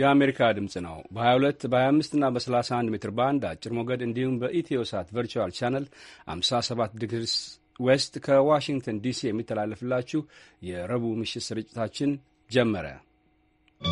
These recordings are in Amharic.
የአሜሪካ ድምፅ ነው። በ22 በ25 እና በ31 ሜትር ባንድ አጭር ሞገድ እንዲሁም በኢትዮ ሳት ቨርቹዋል ቻነል 57 ዲግሪስ ዌስት ከዋሽንግተን ዲሲ የሚተላለፍላችሁ የረቡዕ ምሽት ስርጭታችን ጀመረ። ¶¶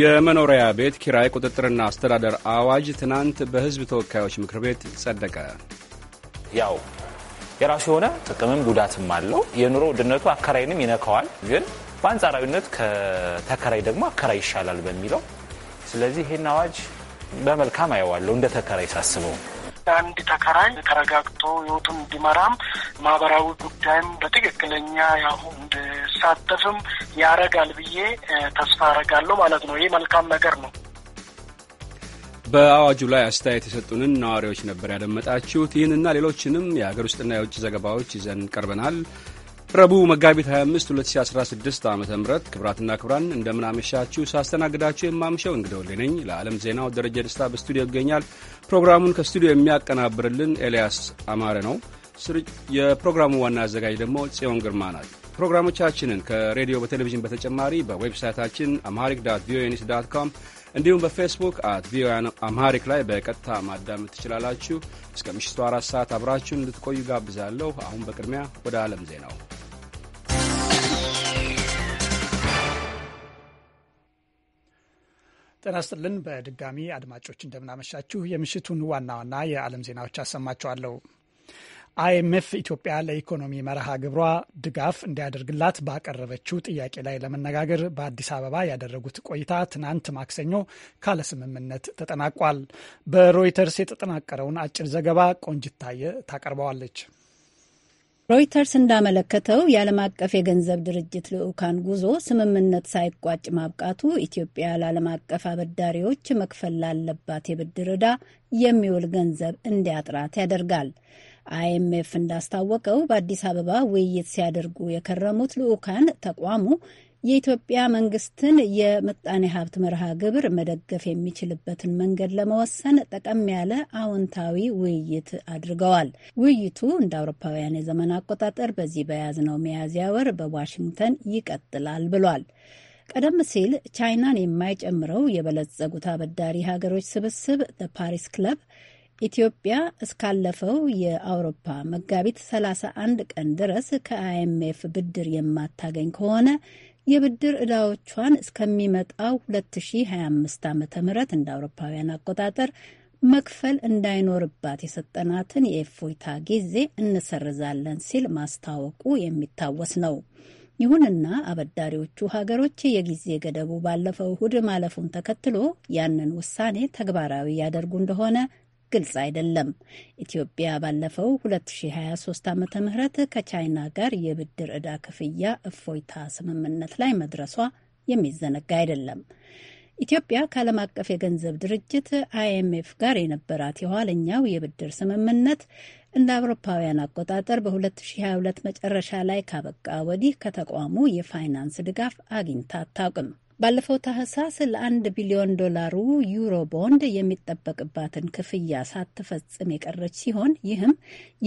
የመኖሪያ ቤት ኪራይ ቁጥጥርና አስተዳደር አዋጅ ትናንት በሕዝብ ተወካዮች ምክር ቤት ጸደቀ። ያው የራሱ የሆነ ጥቅምም ጉዳትም አለው። የኑሮ ውድነቱ አከራይንም ይነካዋል። ግን በአንጻራዊነት ከተከራይ ደግሞ አከራይ ይሻላል በሚለው ስለዚህ ይህን አዋጅ በመልካም አየዋለሁ እንደ ተከራይ ሳስበው አንድ ተከራይ ተረጋግቶ ህይወቱን እንዲመራም ማህበራዊ ጉዳይም በትክክለኛ ያሁ እንድሳተፍም ያረጋል ብዬ ተስፋ አረጋለሁ ማለት ነው። ይህ መልካም ነገር ነው። በአዋጁ ላይ አስተያየት የሰጡንን ነዋሪዎች ነበር ያደመጣችሁት። ይህንና ሌሎችንም የሀገር ውስጥና የውጭ ዘገባዎች ይዘን ቀርበናል። ረቡዕ መጋቢት 25 2016 ዓ ም ክብራትና ክብራን እንደምናመሻችሁ ሳስተናግዳችሁ የማምሸው እንግዳ ነኝ። ለዓለም ዜናው ደረጀ ደስታ በስቱዲዮ ይገኛል። ፕሮግራሙን ከስቱዲዮ የሚያቀናብርልን ኤልያስ አማረ ነው። የፕሮግራሙ ዋና አዘጋጅ ደግሞ ጽዮን ግርማ ናት። ፕሮግራሞቻችንን ከሬዲዮ በቴሌቪዥን በተጨማሪ በዌብሳይታችን አምሃሪክ ዳት ቪኦኤ ኒውስ ዳት ኮም እንዲሁም በፌስቡክ አት ቪኦኤ አምሃሪክ ላይ በቀጥታ ማዳመጥ ትችላላችሁ። እስከ ምሽቱ አራት ሰዓት አብራችሁን እንድትቆዩ ጋብዛለሁ። አሁን በቅድሚያ ወደ ዓለም ዜናው ጤና ይስጥልን። በድጋሚ አድማጮች እንደምናመሻችሁ። የምሽቱን ዋና ዋና የዓለም ዜናዎች አሰማችኋለሁ። አይኤምኤፍ ኢትዮጵያ ለኢኮኖሚ መርሃ ግብሯ ድጋፍ እንዲያደርግላት ባቀረበችው ጥያቄ ላይ ለመነጋገር በአዲስ አበባ ያደረጉት ቆይታ ትናንት ማክሰኞ ካለ ስምምነት ተጠናቋል። በሮይተርስ የተጠናቀረውን አጭር ዘገባ ቆንጅታየ ታቀርበዋለች። ሮይተርስ እንዳመለከተው የዓለም አቀፍ የገንዘብ ድርጅት ልዑካን ጉዞ ስምምነት ሳይቋጭ ማብቃቱ ኢትዮጵያ ለዓለም አቀፍ አበዳሪዎች መክፈል ላለባት የብድር ዕዳ የሚውል ገንዘብ እንዲያጥራት ያደርጋል። አይኤምኤፍ እንዳስታወቀው በአዲስ አበባ ውይይት ሲያደርጉ የከረሙት ልዑካን ተቋሙ የኢትዮጵያ መንግስትን የምጣኔ ሀብት መርሃ ግብር መደገፍ የሚችልበትን መንገድ ለመወሰን ጠቀም ያለ አዎንታዊ ውይይት አድርገዋል። ውይይቱ እንደ አውሮፓውያን የዘመን አቆጣጠር በዚህ በያዝነው ሚያዝያ ወር በዋሽንግተን ይቀጥላል ብሏል። ቀደም ሲል ቻይናን የማይጨምረው የበለጸጉት አበዳሪ ሀገሮች ስብስብ ፓሪስ ክለብ ኢትዮጵያ እስካለፈው የአውሮፓ መጋቢት 31 ቀን ድረስ ከአይኤምኤፍ ብድር የማታገኝ ከሆነ የብድር ዕዳዎቿን እስከሚመጣው 2025 ዓ ም እንደ አውሮፓውያን አቆጣጠር መክፈል እንዳይኖርባት የሰጠናትን የእፎይታ ጊዜ እንሰርዛለን ሲል ማስታወቁ የሚታወስ ነው። ይሁንና አበዳሪዎቹ ሀገሮች የጊዜ ገደቡ ባለፈው እሁድ ማለፉን ተከትሎ ያንን ውሳኔ ተግባራዊ ያደርጉ እንደሆነ ግልጽ አይደለም። ኢትዮጵያ ባለፈው 2023 ዓ ም ከቻይና ጋር የብድር ዕዳ ክፍያ እፎይታ ስምምነት ላይ መድረሷ የሚዘነጋ አይደለም። ኢትዮጵያ ከዓለም አቀፍ የገንዘብ ድርጅት አይኤምኤፍ ጋር የነበራት የኋለኛው የብድር ስምምነት እንደ አውሮፓውያን አቆጣጠር በ2022 መጨረሻ ላይ ካበቃ ወዲህ ከተቋሙ የፋይናንስ ድጋፍ አግኝታ አታውቅም። ባለፈው ታህሳስ ለአንድ ቢሊዮን ዶላሩ ዩሮ ቦንድ የሚጠበቅባትን ክፍያ ሳትፈጽም የቀረች ሲሆን ይህም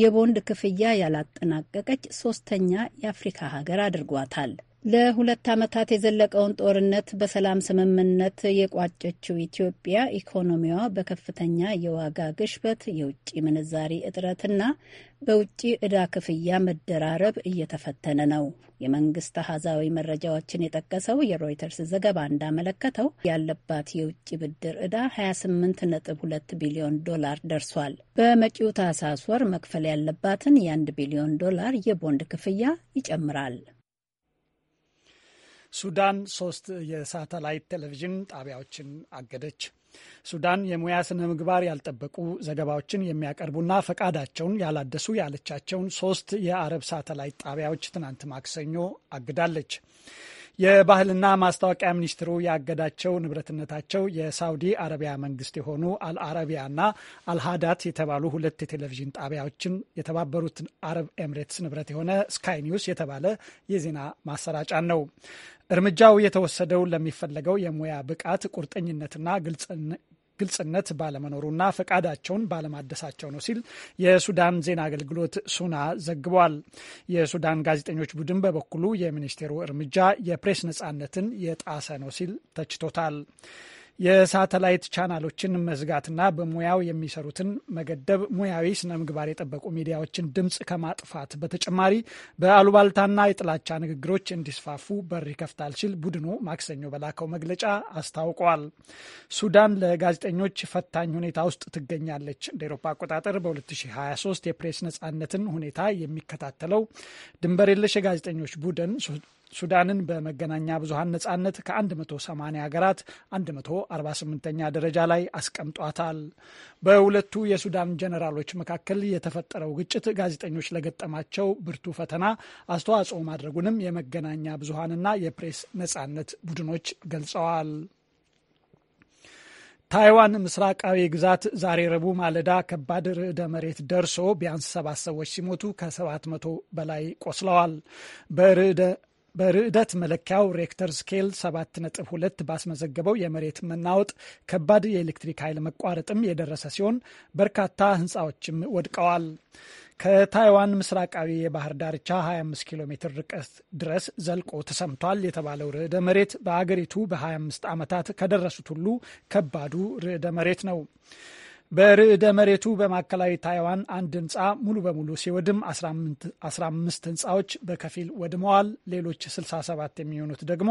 የቦንድ ክፍያ ያላጠናቀቀች ሶስተኛ የአፍሪካ ሀገር አድርጓታል። ለሁለት ዓመታት የዘለቀውን ጦርነት በሰላም ስምምነት የቋጨችው ኢትዮጵያ ኢኮኖሚዋ በከፍተኛ የዋጋ ግሽበት፣ የውጭ ምንዛሪ እጥረትና በውጭ ዕዳ ክፍያ መደራረብ እየተፈተነ ነው። የመንግስት አሃዛዊ መረጃዎችን የጠቀሰው የሮይተርስ ዘገባ እንዳመለከተው ያለባት የውጭ ብድር ዕዳ 28.2 ቢሊዮን ዶላር ደርሷል። በመጪው ታህሳስ ወር መክፈል ያለባትን የ1 ቢሊዮን ዶላር የቦንድ ክፍያ ይጨምራል። ሱዳን ሶስት የሳተላይት ቴሌቪዥን ጣቢያዎችን አገደች። ሱዳን የሙያ ስነ ምግባር ያልጠበቁ ዘገባዎችን የሚያቀርቡና ፈቃዳቸውን ያላደሱ ያለቻቸውን ሶስት የአረብ ሳተላይት ጣቢያዎች ትናንት ማክሰኞ አግዳለች። የባህልና ማስታወቂያ ሚኒስትሩ ያገዳቸው ንብረትነታቸው የሳውዲ አረቢያ መንግስት የሆኑ አልአረቢያና አልሃዳት የተባሉ ሁለት የቴሌቪዥን ጣቢያዎችን የተባበሩት አረብ ኤምሬትስ ንብረት የሆነ ስካይ ኒውስ የተባለ የዜና ማሰራጫን ነው። እርምጃው የተወሰደው ለሚፈለገው የሙያ ብቃት ቁርጠኝነትና ግልጽነት ባለመኖሩና ፈቃዳቸውን ባለማደሳቸው ነው ሲል የሱዳን ዜና አገልግሎት ሱና ዘግቧል። የሱዳን ጋዜጠኞች ቡድን በበኩሉ የሚኒስቴሩ እርምጃ የፕሬስ ነጻነትን የጣሰ ነው ሲል ተችቶታል። የሳተላይት ቻናሎችን መዝጋትና በሙያው የሚሰሩትን መገደብ ሙያዊ ስነ ምግባር የጠበቁ ሚዲያዎችን ድምፅ ከማጥፋት በተጨማሪ በአሉባልታና የጥላቻ ንግግሮች እንዲስፋፉ በር ይከፍታል ሲል ቡድኑ ማክሰኞ በላከው መግለጫ አስታውቋል። ሱዳን ለጋዜጠኞች ፈታኝ ሁኔታ ውስጥ ትገኛለች። እንደ ኤሮፓ አቆጣጠር በ2023 የፕሬስ ነጻነትን ሁኔታ የሚከታተለው ድንበር የለሽ የጋዜጠኞች ቡድን ሱዳንን በመገናኛ ብዙሀን ነጻነት ከ180 ሀገራት 148ኛ ደረጃ ላይ አስቀምጧታል። በሁለቱ የሱዳን ጀኔራሎች መካከል የተፈጠረው ግጭት ጋዜጠኞች ለገጠማቸው ብርቱ ፈተና አስተዋጽኦ ማድረጉንም የመገናኛ ብዙሀንና የፕሬስ ነጻነት ቡድኖች ገልጸዋል። ታይዋን ምስራቃዊ ግዛት ዛሬ ረቡዕ ማለዳ ከባድ ርዕደ መሬት ደርሶ ቢያንስ ሰባት ሰዎች ሲሞቱ ከሰባት መቶ በላይ ቆስለዋል። በርዕደ በርዕደት መለኪያው ሬክተር ስኬል 7.2 ባስመዘገበው የመሬት መናወጥ ከባድ የኤሌክትሪክ ኃይል መቋረጥም የደረሰ ሲሆን በርካታ ህንፃዎችም ወድቀዋል። ከታይዋን ምስራቃዊ የባህር ዳርቻ 25 ኪሎ ሜትር ርቀት ድረስ ዘልቆ ተሰምቷል የተባለው ርዕደ መሬት በአገሪቱ በ25 ዓመታት ከደረሱት ሁሉ ከባዱ ርዕደ መሬት ነው። በርዕደ መሬቱ በማዕከላዊ ታይዋን አንድ ህንፃ ሙሉ በሙሉ ሲወድም 15 ህንፃዎች በከፊል ወድመዋል። ሌሎች 67 የሚሆኑት ደግሞ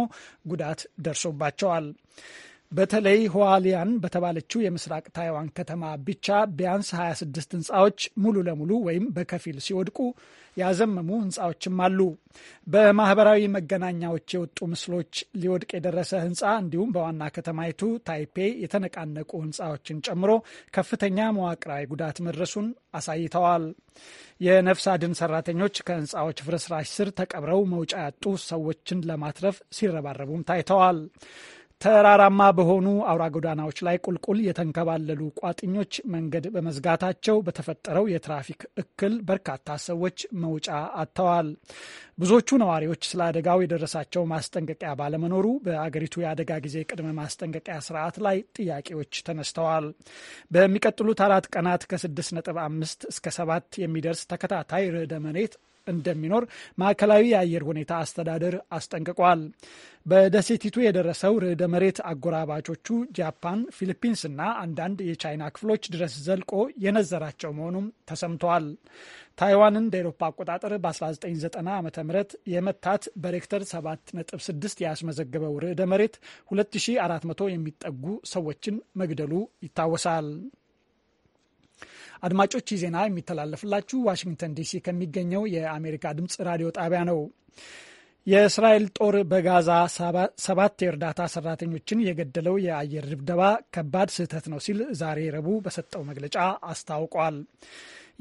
ጉዳት ደርሶባቸዋል። በተለይ ሁዋሊያን በተባለችው የምስራቅ ታይዋን ከተማ ብቻ ቢያንስ 26 ህንፃዎች ሙሉ ለሙሉ ወይም በከፊል ሲወድቁ ያዘመሙ ህንፃዎችም አሉ። በማህበራዊ መገናኛዎች የወጡ ምስሎች ሊወድቅ የደረሰ ህንፃ እንዲሁም በዋና ከተማይቱ ታይፔ የተነቃነቁ ህንፃዎችን ጨምሮ ከፍተኛ መዋቅራዊ ጉዳት መድረሱን አሳይተዋል። የነፍስ አድን ሰራተኞች ከህንፃዎች ፍርስራሽ ስር ተቀብረው መውጫ ያጡ ሰዎችን ለማትረፍ ሲረባረቡም ታይተዋል። ተራራማ በሆኑ አውራ ጎዳናዎች ላይ ቁልቁል የተንከባለሉ ቋጥኞች መንገድ በመዝጋታቸው በተፈጠረው የትራፊክ እክል በርካታ ሰዎች መውጫ አጥተዋል። ብዙዎቹ ነዋሪዎች ስለ አደጋው የደረሳቸው ማስጠንቀቂያ ባለመኖሩ በአገሪቱ የአደጋ ጊዜ ቅድመ ማስጠንቀቂያ ስርዓት ላይ ጥያቄዎች ተነስተዋል። በሚቀጥሉት አራት ቀናት ከ6.5 እስከ ሰባት የሚደርስ ተከታታይ ርዕደ መሬት እንደሚኖር ማዕከላዊ የአየር ሁኔታ አስተዳደር አስጠንቅቋል። በደሴቲቱ የደረሰው ርዕደ መሬት አጎራባቾቹ ጃፓን፣ ፊሊፒንስ እና አንዳንድ የቻይና ክፍሎች ድረስ ዘልቆ የነዘራቸው መሆኑም ተሰምተዋል። ታይዋንን እንደ ኤሮፓ አቆጣጠር በ1990 ዓ ም የመታት በሬክተር 7.6 ያስመዘገበው ርዕደ መሬት 2400 የሚጠጉ ሰዎችን መግደሉ ይታወሳል። አድማጮች ይህ ዜና የሚተላለፍላችሁ ዋሽንግተን ዲሲ ከሚገኘው የአሜሪካ ድምፅ ራዲዮ ጣቢያ ነው። የእስራኤል ጦር በጋዛ ሰባት የእርዳታ ሰራተኞችን የገደለው የአየር ድብደባ ከባድ ስህተት ነው ሲል ዛሬ ረቡዕ በሰጠው መግለጫ አስታውቋል።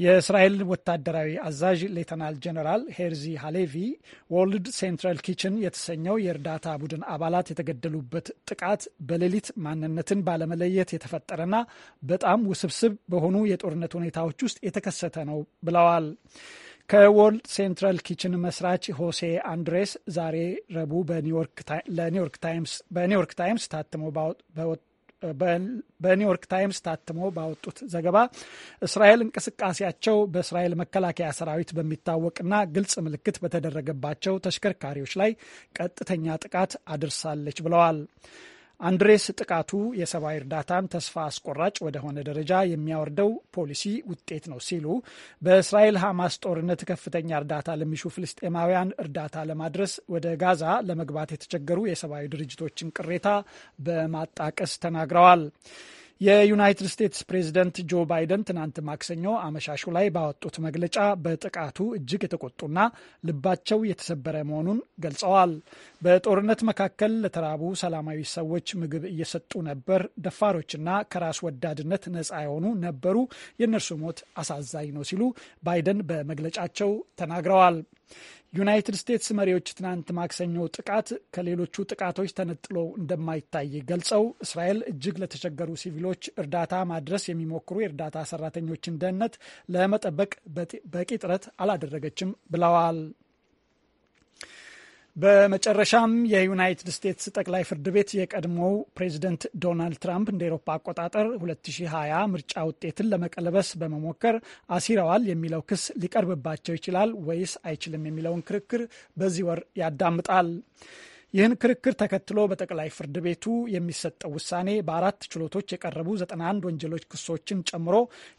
የእስራኤል ወታደራዊ አዛዥ ሌተናል ጀነራል ሄርዚ ሃሌቪ ወርልድ ሴንትራል ኪችን የተሰኘው የእርዳታ ቡድን አባላት የተገደሉበት ጥቃት በሌሊት ማንነትን ባለመለየት የተፈጠረና በጣም ውስብስብ በሆኑ የጦርነት ሁኔታዎች ውስጥ የተከሰተ ነው ብለዋል። ከወርልድ ሴንትራል ኪችን መስራች ሆሴ አንድሬስ ዛሬ ረቡዕ በኒውዮርክ ታይምስ በኒውዮርክ ታይምስ ታትሞ በኒውዮርክ ታይምስ ታትሞ ባወጡት ዘገባ እስራኤል እንቅስቃሴያቸው በእስራኤል መከላከያ ሰራዊት በሚታወቅና ግልጽ ምልክት በተደረገባቸው ተሽከርካሪዎች ላይ ቀጥተኛ ጥቃት አድርሳለች ብለዋል። አንድሬስ ጥቃቱ የሰብአዊ እርዳታን ተስፋ አስቆራጭ ወደሆነ ደረጃ የሚያወርደው ፖሊሲ ውጤት ነው ሲሉ በእስራኤል ሐማስ ጦርነት ከፍተኛ እርዳታ ለሚሹ ፍልስጤማውያን እርዳታ ለማድረስ ወደ ጋዛ ለመግባት የተቸገሩ የሰብአዊ ድርጅቶችን ቅሬታ በማጣቀስ ተናግረዋል። የዩናይትድ ስቴትስ ፕሬዝደንት ጆ ባይደን ትናንት ማክሰኞ አመሻሹ ላይ ባወጡት መግለጫ በጥቃቱ እጅግ የተቆጡና ልባቸው የተሰበረ መሆኑን ገልጸዋል። በጦርነት መካከል ለተራቡ ሰላማዊ ሰዎች ምግብ እየሰጡ ነበር። ደፋሮችና ከራስ ወዳድነት ነጻ የሆኑ ነበሩ። የእነርሱ ሞት አሳዛኝ ነው ሲሉ ባይደን በመግለጫቸው ተናግረዋል። ዩናይትድ ስቴትስ መሪዎች ትናንት ማክሰኞ ጥቃት ከሌሎቹ ጥቃቶች ተነጥሎ እንደማይታይ ገልጸው እስራኤል እጅግ ለተቸገሩ ሲቪሎች እርዳታ ማድረስ የሚሞክሩ የእርዳታ ሰራተኞችን ደህንነት ለመጠበቅ በቂ ጥረት አላደረገችም ብለዋል። በመጨረሻም የዩናይትድ ስቴትስ ጠቅላይ ፍርድ ቤት የቀድሞው ፕሬዚደንት ዶናልድ ትራምፕ እንደ ኤሮፓ አቆጣጠር 2020 ምርጫ ውጤትን ለመቀለበስ በመሞከር አሲረዋል የሚለው ክስ ሊቀርብባቸው ይችላል ወይስ አይችልም የሚለውን ክርክር በዚህ ወር ያዳምጣል። ይህን ክርክር ተከትሎ በጠቅላይ ፍርድ ቤቱ የሚሰጠው ውሳኔ በአራት ችሎቶች የቀረቡ 91 ወንጀሎች ክሶችን ጨምሮ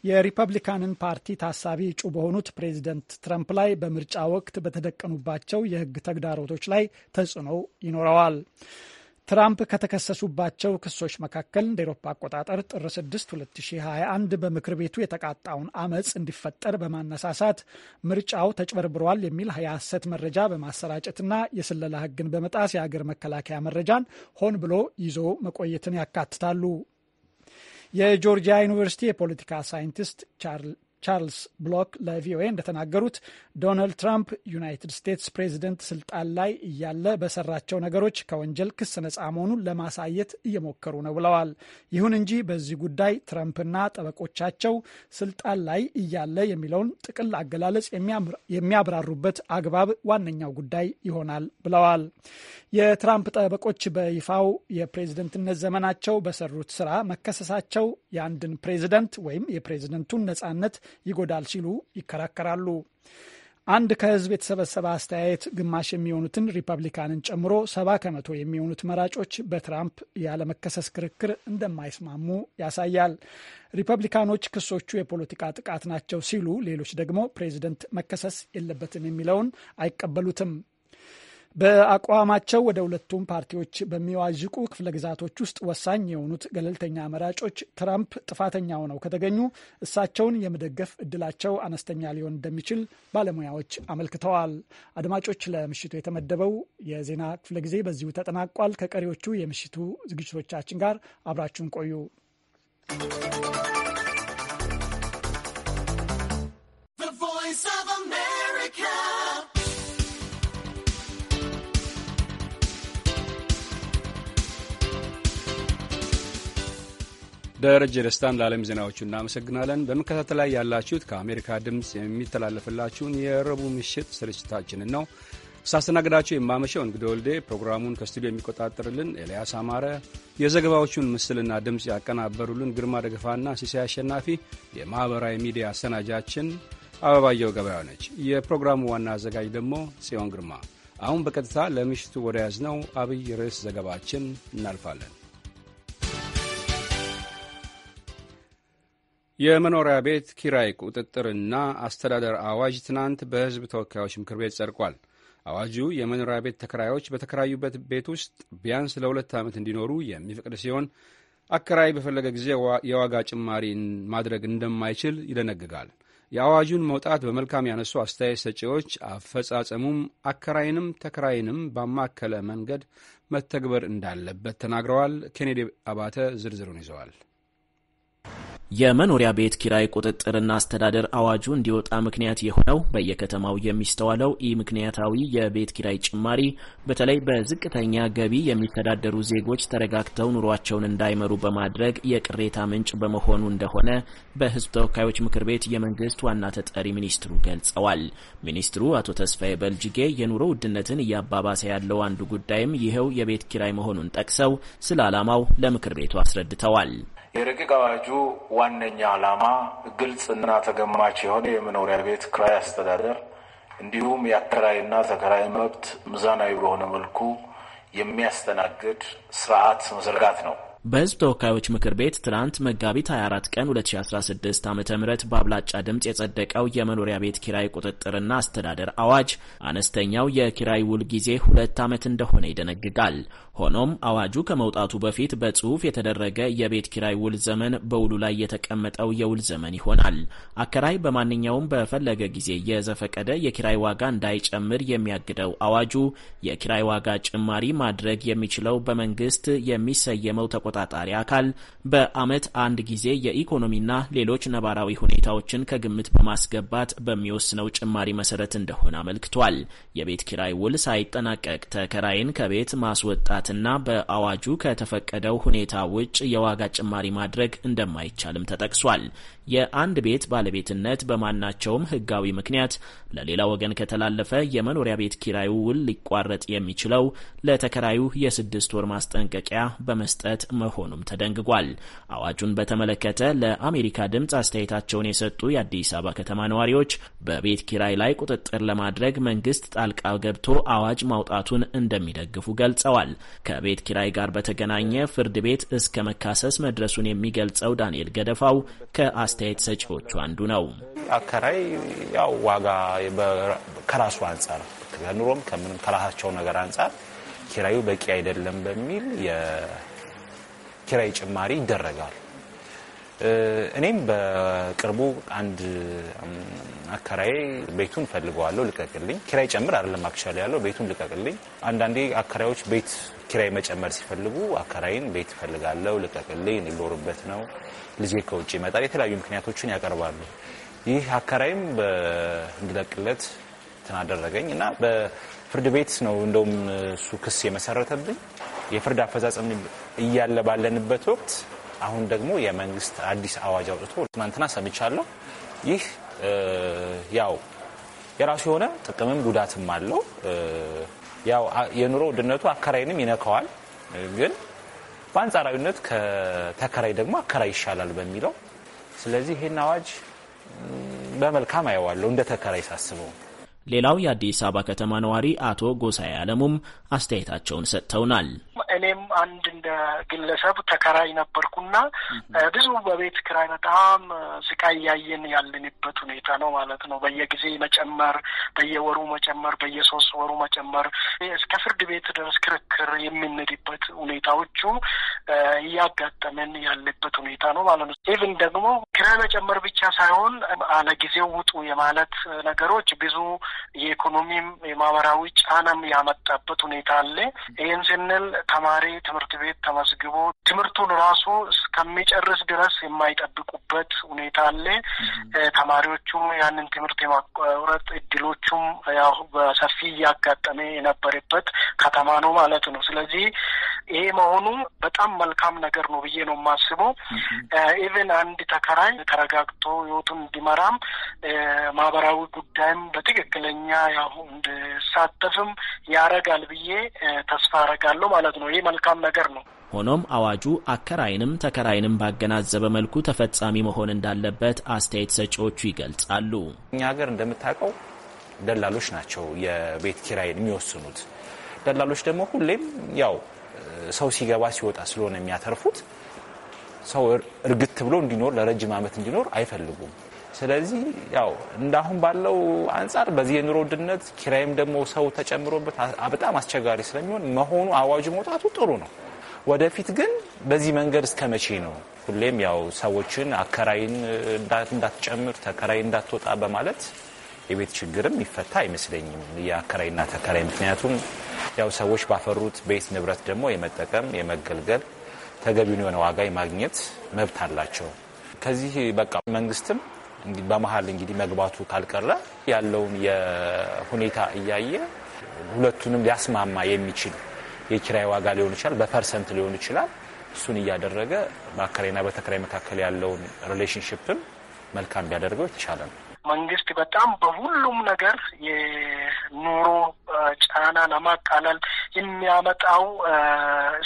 የሪፐብሊካንን ፓርቲ ታሳቢ እጩ በሆኑት ፕሬዚደንት ትራምፕ ላይ በምርጫ ወቅት በተደቀኑባቸው የሕግ ተግዳሮቶች ላይ ተጽዕኖ ይኖረዋል። ትራምፕ ከተከሰሱባቸው ክሶች መካከል እንደ ኤሮፓ አቆጣጠር ጥር 6 2021 በምክር ቤቱ የተቃጣውን አመፅ እንዲፈጠር በማነሳሳት ምርጫው ተጭበርብሯል የሚል የሐሰት መረጃ በማሰራጨትና የስለላ ሕግን በመጣስ የአገር መከላከያ መረጃን ሆን ብሎ ይዞ መቆየትን ያካትታሉ። የጆርጂያ ዩኒቨርሲቲ የፖለቲካ ሳይንቲስት ቻርልስ ብሎክ ለቪኦኤ እንደተናገሩት ዶናልድ ትራምፕ ዩናይትድ ስቴትስ ፕሬዚደንት ስልጣን ላይ እያለ በሰራቸው ነገሮች ከወንጀል ክስ ነጻ መሆኑን ለማሳየት እየሞከሩ ነው ብለዋል። ይሁን እንጂ በዚህ ጉዳይ ትራምፕና ጠበቆቻቸው ስልጣን ላይ እያለ የሚለውን ጥቅል አገላለጽ የሚያብራሩበት አግባብ ዋነኛው ጉዳይ ይሆናል ብለዋል። የትራምፕ ጠበቆች በይፋው የፕሬዝደንትነት ዘመናቸው በሰሩት ስራ መከሰሳቸው የአንድን ፕሬዝደንት ወይም የፕሬዝደንቱን ነጻነት ይጎዳል ሲሉ ይከራከራሉ። አንድ ከህዝብ የተሰበሰበ አስተያየት ግማሽ የሚሆኑትን ሪፐብሊካንን ጨምሮ ሰባ ከመቶ የሚሆኑት መራጮች በትራምፕ ያለመከሰስ ክርክር እንደማይስማሙ ያሳያል። ሪፐብሊካኖች ክሶቹ የፖለቲካ ጥቃት ናቸው ሲሉ፣ ሌሎች ደግሞ ፕሬዚደንት መከሰስ የለበትም የሚለውን አይቀበሉትም። በአቋማቸው ወደ ሁለቱም ፓርቲዎች በሚዋዥቁ ክፍለ ግዛቶች ውስጥ ወሳኝ የሆኑት ገለልተኛ መራጮች ትራምፕ ጥፋተኛ ሆነው ከተገኙ እሳቸውን የመደገፍ እድላቸው አነስተኛ ሊሆን እንደሚችል ባለሙያዎች አመልክተዋል። አድማጮች፣ ለምሽቱ የተመደበው የዜና ክፍለ ጊዜ በዚሁ ተጠናቋል። ከቀሪዎቹ የምሽቱ ዝግጅቶቻችን ጋር አብራችሁን ቆዩ። ደረጀ ደስታን ለዓለም ዜናዎቹ እናመሰግናለን። በመከታተል ላይ ያላችሁት ከአሜሪካ ድምፅ የሚተላለፍላችሁን የረቡዕ ምሽት ስርጭታችንን ነው። ሳስተናግዳቸው የማመሸው እንግዲህ ወልዴ፣ ፕሮግራሙን ከስቱዲዮ የሚቆጣጠርልን ኤልያስ አማረ፣ የዘገባዎቹን ምስልና ድምፅ ያቀናበሩልን ግርማ ደገፋና ሲሳይ አሸናፊ፣ የማኅበራዊ ሚዲያ አሰናጃችን አበባየው ገበያ ነች። የፕሮግራሙ ዋና አዘጋጅ ደግሞ ጽዮን ግርማ። አሁን በቀጥታ ለምሽቱ ወደ ያዝነው አብይ ርዕስ ዘገባችን እናልፋለን። የመኖሪያ ቤት ኪራይ ቁጥጥርና አስተዳደር አዋጅ ትናንት በሕዝብ ተወካዮች ምክር ቤት ጸድቋል። አዋጁ የመኖሪያ ቤት ተከራዮች በተከራዩበት ቤት ውስጥ ቢያንስ ለሁለት ዓመት እንዲኖሩ የሚፈቅድ ሲሆን አከራይ በፈለገ ጊዜ የዋጋ ጭማሪ ማድረግ እንደማይችል ይደነግጋል። የአዋጁን መውጣት በመልካም ያነሱ አስተያየት ሰጪዎች አፈጻጸሙም አከራይንም ተከራይንም ባማከለ መንገድ መተግበር እንዳለበት ተናግረዋል። ኬኔዲ አባተ ዝርዝሩን ይዘዋል። የመኖሪያ ቤት ኪራይ ቁጥጥርና አስተዳደር አዋጁ እንዲወጣ ምክንያት የሆነው በየከተማው የሚስተዋለው ኢ ምክንያታዊ የቤት ኪራይ ጭማሪ በተለይ በዝቅተኛ ገቢ የሚተዳደሩ ዜጎች ተረጋግተው ኑሯቸውን እንዳይመሩ በማድረግ የቅሬታ ምንጭ በመሆኑ እንደሆነ በሕዝብ ተወካዮች ምክር ቤት የመንግስት ዋና ተጠሪ ሚኒስትሩ ገልጸዋል። ሚኒስትሩ አቶ ተስፋዬ በልጅጌ የኑሮ ውድነትን እያባባሰ ያለው አንዱ ጉዳይም ይኸው የቤት ኪራይ መሆኑን ጠቅሰው ስለ ዓላማው ለምክር ቤቱ አስረድተዋል። የረቂቅ አዋጁ ዋነኛ ዓላማ ግልጽና ተገማች የሆነ የመኖሪያ ቤት ክራይ አስተዳደር እንዲሁም የአከራይና ተከራይ መብት ሚዛናዊ በሆነ መልኩ የሚያስተናግድ ስርዓት መዘርጋት ነው። በህዝብ ተወካዮች ምክር ቤት ትናንት መጋቢት 24 ቀን 2016 ዓ ም በአብላጫ ድምፅ የጸደቀው የመኖሪያ ቤት ኪራይ ቁጥጥርና አስተዳደር አዋጅ አነስተኛው የኪራይ ውል ጊዜ ሁለት ዓመት እንደሆነ ይደነግጋል። ሆኖም አዋጁ ከመውጣቱ በፊት በጽሁፍ የተደረገ የቤት ኪራይ ውል ዘመን በውሉ ላይ የተቀመጠው የውል ዘመን ይሆናል። አከራይ በማንኛውም በፈለገ ጊዜ የዘፈቀደ የኪራይ ዋጋ እንዳይጨምር የሚያግደው አዋጁ የኪራይ ዋጋ ጭማሪ ማድረግ የሚችለው በመንግስት የሚሰየመው ተቆ ተቆጣጣሪ አካል በዓመት አንድ ጊዜ የኢኮኖሚና ሌሎች ነባራዊ ሁኔታዎችን ከግምት በማስገባት በሚወስነው ጭማሪ መሰረት እንደሆነ አመልክቷል። የቤት ኪራይ ውል ሳይጠናቀቅ ተከራይን ከቤት ማስወጣትና በአዋጁ ከተፈቀደው ሁኔታ ውጭ የዋጋ ጭማሪ ማድረግ እንደማይቻልም ተጠቅሷል። የአንድ ቤት ባለቤትነት በማናቸውም ህጋዊ ምክንያት ለሌላ ወገን ከተላለፈ የመኖሪያ ቤት ኪራዩ ውል ሊቋረጥ የሚችለው ለተከራዩ የስድስት ወር ማስጠንቀቂያ በመስጠት መሆኑም ተደንግጓል። አዋጁን በተመለከተ ለአሜሪካ ድምፅ አስተያየታቸውን የሰጡ የአዲስ አበባ ከተማ ነዋሪዎች በቤት ኪራይ ላይ ቁጥጥር ለማድረግ መንግስት ጣልቃ ገብቶ አዋጅ ማውጣቱን እንደሚደግፉ ገልጸዋል። ከቤት ኪራይ ጋር በተገናኘ ፍርድ ቤት እስከ መካሰስ መድረሱን የሚገልጸው ዳንኤል ገደፋው ከአስ አስተያየት ሰጪዎቹ አንዱ ነው። አከራይ ያው ዋጋ ከራሱ አንጻር ከኑሮም ከምንም ከራሳቸው ነገር አንጻር ኪራዩ በቂ አይደለም በሚል የኪራይ ጭማሪ ይደረጋል። እኔም በቅርቡ አንድ አከራይ ቤቱን ፈልገዋለሁ ልቀቅልኝ፣ ኪራይ ጨምር አይደለም አክቻል ያለው ቤቱን ልቀቅልኝ። አንዳንዴ አከራዮች ቤት ኪራይ መጨመር ሲፈልጉ አከራይን ቤት ፈልጋለሁ ልቀቅልኝ፣ ልኖርበት ነው ልጄ ከውጭ ይመጣል፣ የተለያዩ ምክንያቶችን ያቀርባሉ። ይህ አከራይም እንድለቅለት ተናደረገኝ እና በፍርድ ቤት ነው እንደውም እሱ ክስ የመሰረተብኝ የፍርድ አፈጻጸም እያለ ባለንበት ወቅት አሁን ደግሞ የመንግስት አዲስ አዋጅ አውጥቶ ትናንትና ሰምቻለሁ። ይህ ያው የራሱ የሆነ ጥቅምም ጉዳትም አለው። ያው የኑሮ ውድነቱ አከራይንም ይነካዋል ግን በአንጻራዊነት ከተከራይ ደግሞ አከራይ ይሻላል በሚለው ስለዚህ ይህን አዋጅ በመልካም አየዋለሁ እንደ ተከራይ ሳስበው ሌላው የአዲስ አበባ ከተማ ነዋሪ አቶ ጎሳዬ አለሙም አስተያየታቸውን ሰጥተውናል። እኔም አንድ እንደ ግለሰብ ተከራይ ነበርኩና ብዙ በቤት ክራይ በጣም ስቃይ እያየን ያለንበት ሁኔታ ነው ማለት ነው። በየጊዜ መጨመር፣ በየወሩ መጨመር፣ በየሶስት ወሩ መጨመር፣ እስከ ፍርድ ቤት ድረስ ክርክር የምንድበት ሁኔታዎቹ እያጋጠመን ያለበት ሁኔታ ነው ማለት ነው። ኢቭን ደግሞ ክራይ መጨመር ብቻ ሳይሆን አለጊዜው ውጡ የማለት ነገሮች ብዙ የኢኮኖሚም የማህበራዊ ጫናም ያመጣበት ሁኔታ አለ። ይህን ስንል ተማሪ ትምህርት ቤት ተመዝግቦ ትምህርቱን ራሱ እስከሚጨርስ ድረስ የማይጠብቁበት ሁኔታ አለ። ተማሪዎቹም ያንን ትምህርት የማቋረጥ እድሎቹም ያው በሰፊ እያጋጠመ የነበረበት ከተማ ነው ማለት ነው። ስለዚህ ይሄ መሆኑ በጣም መልካም ነገር ነው ብዬ ነው የማስበው። ኢቨን አንድ ተከራይ ተረጋግቶ ህይወቱን እንዲመራም ማህበራዊ ጉዳይም በትክክል ለእኛ ያሁ እንድሳተፍም ያረጋል ብዬ ተስፋ አረጋለሁ ማለት ነው። ይህ መልካም ነገር ነው። ሆኖም አዋጁ አከራይንም ተከራይንም ባገናዘበ መልኩ ተፈጻሚ መሆን እንዳለበት አስተያየት ሰጪዎቹ ይገልጻሉ። እኛ ሀገር እንደምታውቀው ደላሎች ናቸው የቤት ኪራይን የሚወስኑት። ደላሎች ደግሞ ሁሌም ያው ሰው ሲገባ ሲወጣ ስለሆነ የሚያተርፉት ሰው እርግት ብሎ እንዲኖር ለረጅም ዓመት እንዲኖር አይፈልጉም። ስለዚህ ያው እንዳሁን ባለው አንጻር በዚህ የኑሮ ውድነት ኪራይም ደግሞ ሰው ተጨምሮበት በጣም አስቸጋሪ ስለሚሆን መሆኑ አዋጁ መውጣቱ ጥሩ ነው። ወደፊት ግን በዚህ መንገድ እስከ መቼ ነው? ሁሌም ያው ሰዎችን አከራይን እንዳትጨምር ተከራይ እንዳትወጣ በማለት የቤት ችግርም ይፈታ አይመስለኝም። የአከራይና ተከራይ ምክንያቱም ያው ሰዎች ባፈሩት ቤት ንብረት ደግሞ የመጠቀም የመገልገል ተገቢውን የሆነ ዋጋ የማግኘት መብት አላቸው። ከዚህ በቃ መንግስትም በመሀል እንግዲህ መግባቱ ካልቀረ ያለውን የሁኔታ እያየ ሁለቱንም ሊያስማማ የሚችል የኪራይ ዋጋ ሊሆን ይችላል፣ በፐርሰንት ሊሆን ይችላል። እሱን እያደረገ በአከራይና በተከራይ መካከል ያለውን ሪሌሽንሽፕም መልካም ቢያደርገው ነው። መንግስት በጣም በሁሉም ነገር የኑሮ ጫና ለማቃለል የሚያመጣው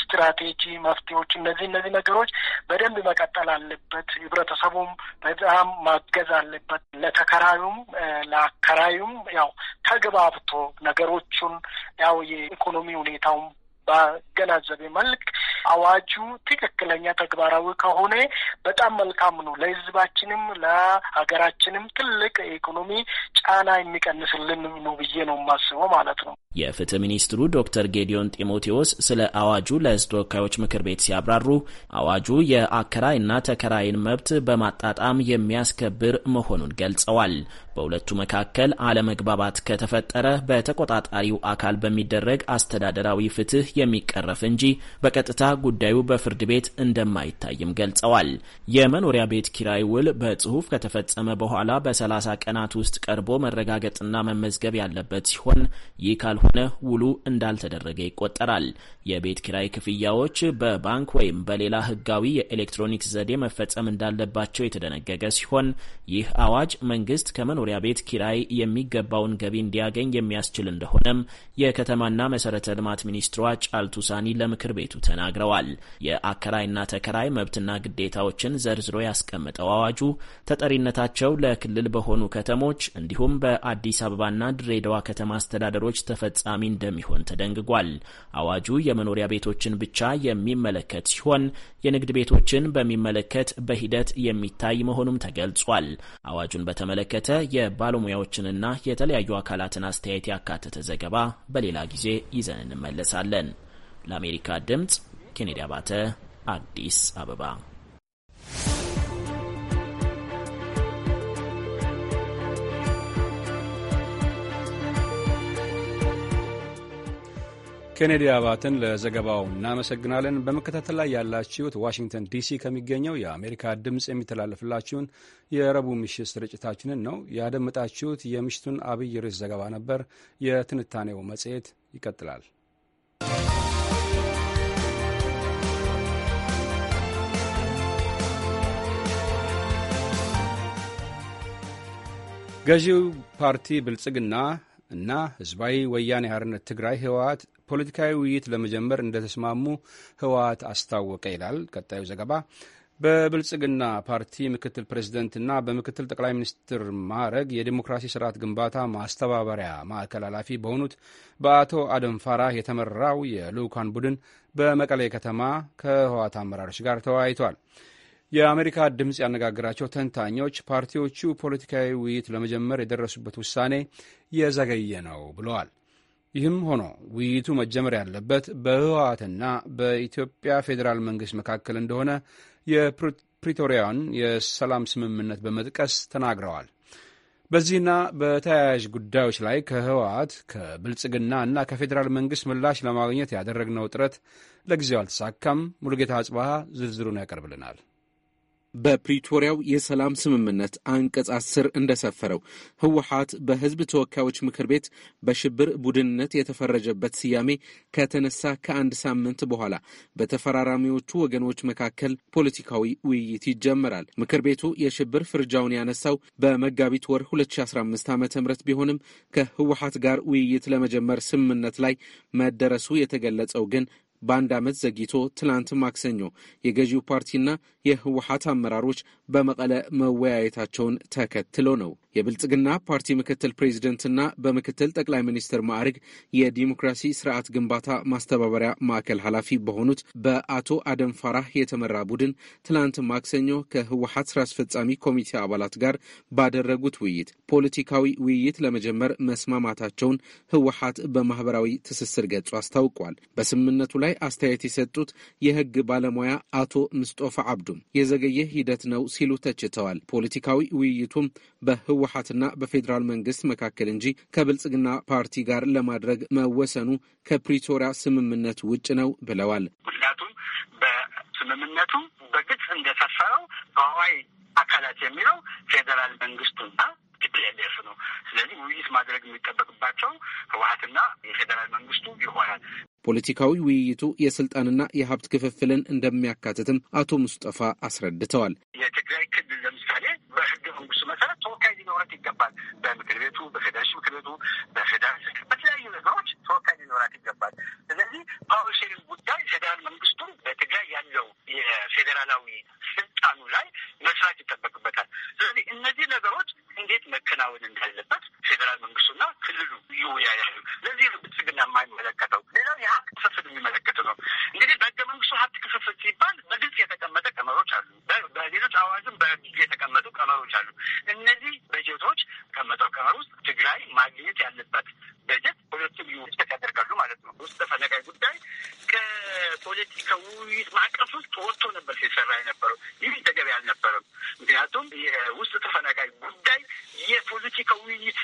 ስትራቴጂ መፍትሄዎች፣ እነዚህ እነዚህ ነገሮች በደንብ መቀጠል አለበት። ህብረተሰቡም በጣም ማገዝ አለበት። ለተከራዩም ለአከራዩም ያው ተግባብቶ ነገሮቹን ያው የኢኮኖሚ ሁኔታውም ባገናዘበ መልክ አዋጁ ትክክለኛ ተግባራዊ ከሆነ በጣም መልካም ነው። ለህዝባችንም ለሀገራችንም ትልቅ የኢኮኖሚ ጫና የሚቀንስልን ነው ብዬ ነው የማስበው ማለት ነው። የፍትህ ሚኒስትሩ ዶክተር ጌዲዮን ጢሞቴዎስ ስለ አዋጁ ለህዝብ ተወካዮች ምክር ቤት ሲያብራሩ አዋጁ የአከራይና ተከራይን መብት በማጣጣም የሚያስከብር መሆኑን ገልጸዋል። በሁለቱ መካከል አለመግባባት ከተፈጠረ በተቆጣጣሪው አካል በሚደረግ አስተዳደራዊ ፍትህ የሚቀረፍ እንጂ በቀጥታ ጉዳዩ በፍርድ ቤት እንደማይታይም ገልጸዋል። የመኖሪያ ቤት ኪራይ ውል በጽሁፍ ከተፈጸመ በኋላ በ30 ቀናት ውስጥ ቀርቦ መረጋገጥና መመዝገብ ያለበት ሲሆን ይህ ካልሆነ ውሉ እንዳልተደረገ ይቆጠራል። የቤት ኪራይ ክፍያዎች በባንክ ወይም በሌላ ህጋዊ የኤሌክትሮኒክስ ዘዴ መፈጸም እንዳለባቸው የተደነገገ ሲሆን ይህ አዋጅ መንግስት ከመኖሪያ መኖሪያ ቤት ኪራይ የሚገባውን ገቢ እንዲያገኝ የሚያስችል እንደሆነም የከተማና መሰረተ ልማት ሚኒስትሯ ጫልቱ ሳኒ ለምክር ቤቱ ተናግረዋል። የአከራይና ተከራይ መብትና ግዴታዎችን ዘርዝሮ ያስቀመጠው አዋጁ ተጠሪነታቸው ለክልል በሆኑ ከተሞች እንዲሁም በአዲስ አበባና ድሬዳዋ ከተማ አስተዳደሮች ተፈጻሚ እንደሚሆን ተደንግጓል። አዋጁ የመኖሪያ ቤቶችን ብቻ የሚመለከት ሲሆን የንግድ ቤቶችን በሚመለከት በሂደት የሚታይ መሆኑም ተገልጿል። አዋጁን በተመለከተ የ የባለሙያዎችንና የተለያዩ አካላትን አስተያየት ያካተተ ዘገባ በሌላ ጊዜ ይዘን እንመለሳለን። ለአሜሪካ ድምፅ ኬኔዲ አባተ አዲስ አበባ ኬኔዲ አባትን ለዘገባው እናመሰግናለን። በመከታተል ላይ ያላችሁት ዋሽንግተን ዲሲ ከሚገኘው የአሜሪካ ድምፅ የሚተላለፍላችሁን የረቡዕ ምሽት ስርጭታችንን ነው ያደመጣችሁት። የምሽቱን አብይ ርዕስ ዘገባ ነበር። የትንታኔው መጽሔት ይቀጥላል። ገዢው ፓርቲ ብልጽግና እና ህዝባዊ ወያኔ ሓርነት ትግራይ ህወሓት ፖለቲካዊ ውይይት ለመጀመር እንደተስማሙ ህወሓት አስታወቀ ይላል ቀጣዩ ዘገባ። በብልጽግና ፓርቲ ምክትል ፕሬዚደንትና በምክትል ጠቅላይ ሚኒስትር ማዕረግ የዲሞክራሲ ስርዓት ግንባታ ማስተባበሪያ ማዕከል ኃላፊ በሆኑት በአቶ አደም ፋራህ የተመራው የልዑካን ቡድን በመቀሌ ከተማ ከህወሓት አመራሮች ጋር ተወያይቷል። የአሜሪካ ድምፅ ያነጋገራቸው ተንታኞች ፓርቲዎቹ ፖለቲካዊ ውይይት ለመጀመር የደረሱበት ውሳኔ የዘገየ ነው ብለዋል። ይህም ሆኖ ውይይቱ መጀመር ያለበት በህወሓትና በኢትዮጵያ ፌዴራል መንግስት መካከል እንደሆነ የፕሪቶሪያውን የሰላም ስምምነት በመጥቀስ ተናግረዋል። በዚህና በተያያዥ ጉዳዮች ላይ ከህወሓት ከብልጽግና እና ከፌዴራል መንግስት ምላሽ ለማግኘት ያደረግነው ጥረት ለጊዜው አልተሳካም። ሙሉጌታ አጽባሃ ዝርዝሩን ያቀርብልናል። በፕሪቶሪያው የሰላም ስምምነት አንቀጽ አስር እንደሰፈረው ህወሀት በህዝብ ተወካዮች ምክር ቤት በሽብር ቡድንነት የተፈረጀበት ስያሜ ከተነሳ ከአንድ ሳምንት በኋላ በተፈራራሚዎቹ ወገኖች መካከል ፖለቲካዊ ውይይት ይጀመራል። ምክር ቤቱ የሽብር ፍርጃውን ያነሳው በመጋቢት ወር 2015 ዓ ም ቢሆንም ከህወሀት ጋር ውይይት ለመጀመር ስምምነት ላይ መደረሱ የተገለጸው ግን በአንድ ዓመት ዘግይቶ ትላንት ማክሰኞ የገዢው ፓርቲና የህወሀት አመራሮች በመቀለ መወያየታቸውን ተከትሎ ነው። የብልጽግና ፓርቲ ምክትል ፕሬዚደንትና በምክትል ጠቅላይ ሚኒስትር ማዕርግ የዲሞክራሲ ስርዓት ግንባታ ማስተባበሪያ ማዕከል ኃላፊ በሆኑት በአቶ አደም ፋራህ የተመራ ቡድን ትላንት ማክሰኞ ከህወሀት ስራ አስፈጻሚ ኮሚቴ አባላት ጋር ባደረጉት ውይይት ፖለቲካዊ ውይይት ለመጀመር መስማማታቸውን ህወሀት በማህበራዊ ትስስር ገጹ አስታውቋል። በስምምነቱ ላይ ላይ አስተያየት የሰጡት የህግ ባለሙያ አቶ ምስጦፋ አብዱም የዘገየ ሂደት ነው ሲሉ ተችተዋል። ፖለቲካዊ ውይይቱም በህወሀትና በፌዴራል መንግስት መካከል እንጂ ከብልጽግና ፓርቲ ጋር ለማድረግ መወሰኑ ከፕሪቶሪያ ስምምነት ውጭ ነው ብለዋል። ምክንያቱም በስምምነቱ በግልጽ እንደሰፈረው ተዋዋይ አካላት የሚለው ፌዴራል መንግስቱና ቲፒኤልኤፍ ነው። ስለዚህ ውይይት ማድረግ የሚጠበቅባቸው ህወሀትና የፌዴራል መንግስቱ ይሆናል። ፖለቲካዊ ውይይቱ የስልጣንና የሀብት ክፍፍልን እንደሚያካትትም አቶ ሙስጠፋ አስረድተዋል። የትግራይ ክልል ለምሳሌ በህገ መንግስቱ መሰረት ተወካይ ሊኖረት ይገባል። በምክር ቤቱ፣ በፌዴሬሽን ምክር ቤቱ፣ በፌዴራል በተለያዩ ነገሮች ተወካይ ሊኖራት ይገባል። ስለዚህ ፓወር ሼሪንግ ጉዳይ ፌዴራል መንግስቱ በትግራይ ያለው የፌዴራላዊ ስልጣኑ ላይ መስራት ይጠበቅበታል። ስለዚህ እነዚህ ነገሮች እንዴት መከናወን እንዳለበት ፌዴራል መንግስቱና ክልሉ ይወያያሉ። ለዚህ ነው ብልጽግና የማይመለከተው። ሌላው የሀብት ክፍፍል የሚመለከተው ነው። እንግዲህ በህገ መንግስቱ ሀብት ክፍፍል ሲባል በግልጽ የተቀመጠ ቀመሮች አሉ። በሌሎች አዋጅም በግልጽ የተቀመጡ ቀመሮች አሉ። እነዚህ በጀቶች ከመጠው ቀመር ውስጥ ትግራይ ማግኘት ያለበት በጀት ሁለቱም ውድቀት ያደርጋሉ ማለት ነው። ውስጥ ተፈናቃይ ጉዳይ ከፖለቲካ ውይይት ማዕቀፍ ውስጥ ወጥቶ ነበር ሲሰራ የነበረው። ይህ ተገቢ አልነበረም። ምክንያቱም የውስጥ ተፈናቃይ ጉዳይ የፖለቲካ ውይይት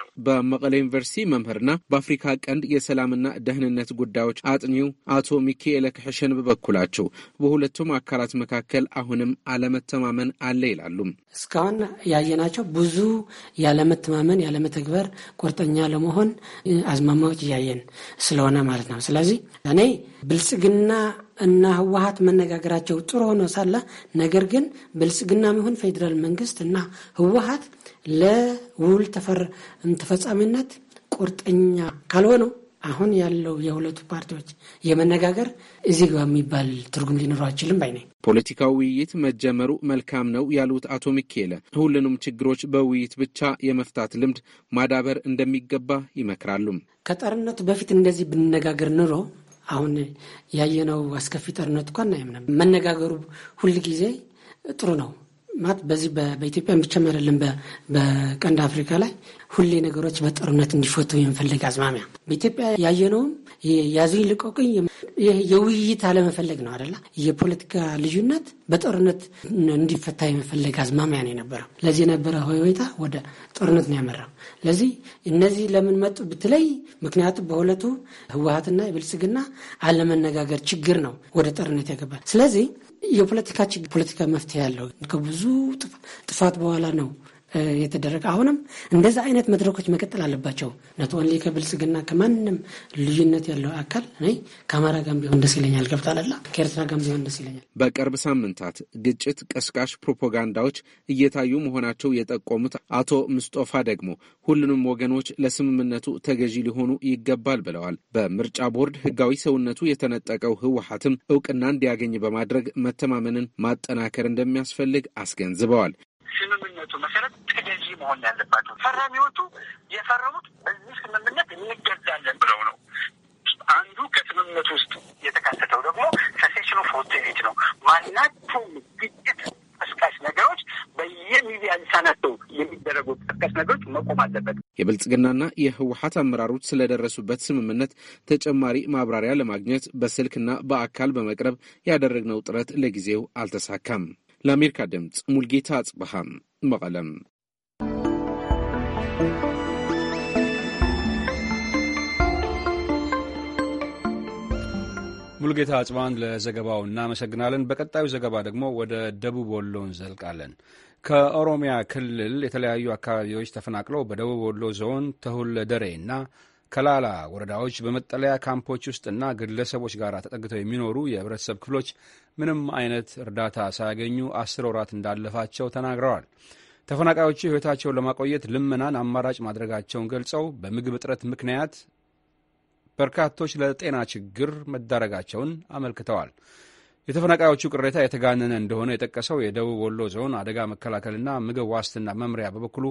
ነው። በመቀለ ዩኒቨርሲቲ መምህርና በአፍሪካ ቀንድ የሰላምና ደህንነት ጉዳዮች አጥኚው አቶ ሚካኤለ ክሕሸን በበኩላቸው በሁለቱም አካላት መካከል አሁንም አለመተማመን አለ ይላሉ። እስካሁን ያየናቸው ብዙ ያለመተማመን፣ ያለመተግበር፣ ቁርጠኛ ለመሆን አዝማማዎች እያየን ስለሆነ ማለት ነው። ስለዚህ እኔ ብልጽግና እና ህወሀት መነጋገራቸው ጥሩ ሆኖ ሳለ ነገር ግን ብልጽግና የሚሆን ፌዴራል መንግስት እና ህወሀት ለውል ተፈጻሚነት ቁርጠኛ ካልሆኑ አሁን ያለው የሁለቱ ፓርቲዎች የመነጋገር እዚህ ጋር የሚባል ትርጉም ሊኖረው አይችልም ባይ ነኝ። ፖለቲካው ውይይት መጀመሩ መልካም ነው ያሉት አቶ ሚኬለ ሁሉንም ችግሮች በውይይት ብቻ የመፍታት ልምድ ማዳበር እንደሚገባ ይመክራሉ። ከጦርነቱ በፊት እንደዚህ ብንነጋገር ኑሮ አሁን ያየነው አስከፊ ጦርነት እኳ እናየም ነበር። መነጋገሩ ሁል ጊዜ ጥሩ ነው። ማለት በዚህ በኢትዮጵያ ብቻም አይደለም፣ በቀንድ አፍሪካ ላይ ሁሌ ነገሮች በጦርነት እንዲፈቱ የመፈለግ አዝማሚያ በኢትዮጵያ ያየነውም ያዙኝ ልቀቁኝ የውይይት አለመፈለግ ነው አደላ። የፖለቲካ ልዩነት በጦርነት እንዲፈታ የመፈለግ አዝማሚያ ነው የነበረው። ለዚህ የነበረ ሆይታ ወደ ጦርነት ነው ያመራው። ለዚህ እነዚህ ለምን መጡ ብትለይ፣ ምክንያቱም በሁለቱ ህወሀትና የብልጽግና አለመነጋገር ችግር ነው ወደ ጦርነት ያገባል። ስለዚህ የፖለቲካ ችግር ፖለቲካ መፍትሄ ያለው ከብዙ ጥፋት በኋላ ነው የተደረገ አሁንም እንደዛ አይነት መድረኮች መቀጠል አለባቸው። ነት ኦንሊ ከብልጽግና ከማንም ልዩነት ያለው አካል እኔ ከአማራ ጋም ቢሆን ደስ ይለኛል። ገብታለላ ከኤርትራ ጋም ቢሆን ደስ ይለኛል። በቅርብ ሳምንታት ግጭት ቀስቃሽ ፕሮፓጋንዳዎች እየታዩ መሆናቸው የጠቆሙት አቶ ምስጦፋ ደግሞ ሁሉንም ወገኖች ለስምምነቱ ተገዢ ሊሆኑ ይገባል ብለዋል። በምርጫ ቦርድ ህጋዊ ሰውነቱ የተነጠቀው ህወሀትም እውቅና እንዲያገኝ በማድረግ መተማመንን ማጠናከር እንደሚያስፈልግ አስገንዝበዋል። ስምምነቱ መሰረት መሆን ያለባቸው። ፈራሚዎቹ የፈረሙት በዚህ ስምምነት እንገዛለን ብለው ነው። አንዱ ከስምምነቱ ውስጥ የተካተተው ደግሞ ሰሴሽን ኦፍ ሆቴሌት ነው። ማናቸውም ግጭት ቀስቃሽ ነገሮች በየሚዲያ ልሳናቸው የሚደረጉ ቀስቃሽ ነገሮች መቆም አለበት። የብልጽግናና የህወሀት አመራሮች ስለደረሱበት ስምምነት ተጨማሪ ማብራሪያ ለማግኘት በስልክና በአካል በመቅረብ ያደረግነው ጥረት ለጊዜው አልተሳካም። ለአሜሪካ ድምፅ ሙልጌታ አጽበሃም መቀለም ሙልጌታ አጽባን ለዘገባው እናመሰግናለን። በቀጣዩ ዘገባ ደግሞ ወደ ደቡብ ወሎ እንዘልቃለን። ከኦሮሚያ ክልል የተለያዩ አካባቢዎች ተፈናቅለው በደቡብ ወሎ ዞን ተሁለደሬ እና ከላላ ወረዳዎች በመጠለያ ካምፖች ውስጥና ግለሰቦች ጋር ተጠግተው የሚኖሩ የህብረተሰብ ክፍሎች ምንም አይነት እርዳታ ሳያገኙ አስር ወራት እንዳለፋቸው ተናግረዋል። ተፈናቃዮቹ ሕይወታቸውን ለማቆየት ልመናን አማራጭ ማድረጋቸውን ገልጸው በምግብ እጥረት ምክንያት በርካቶች ለጤና ችግር መዳረጋቸውን አመልክተዋል። የተፈናቃዮቹ ቅሬታ የተጋነነ እንደሆነ የጠቀሰው የደቡብ ወሎ ዞን አደጋ መከላከልና ምግብ ዋስትና መምሪያ በበኩሉ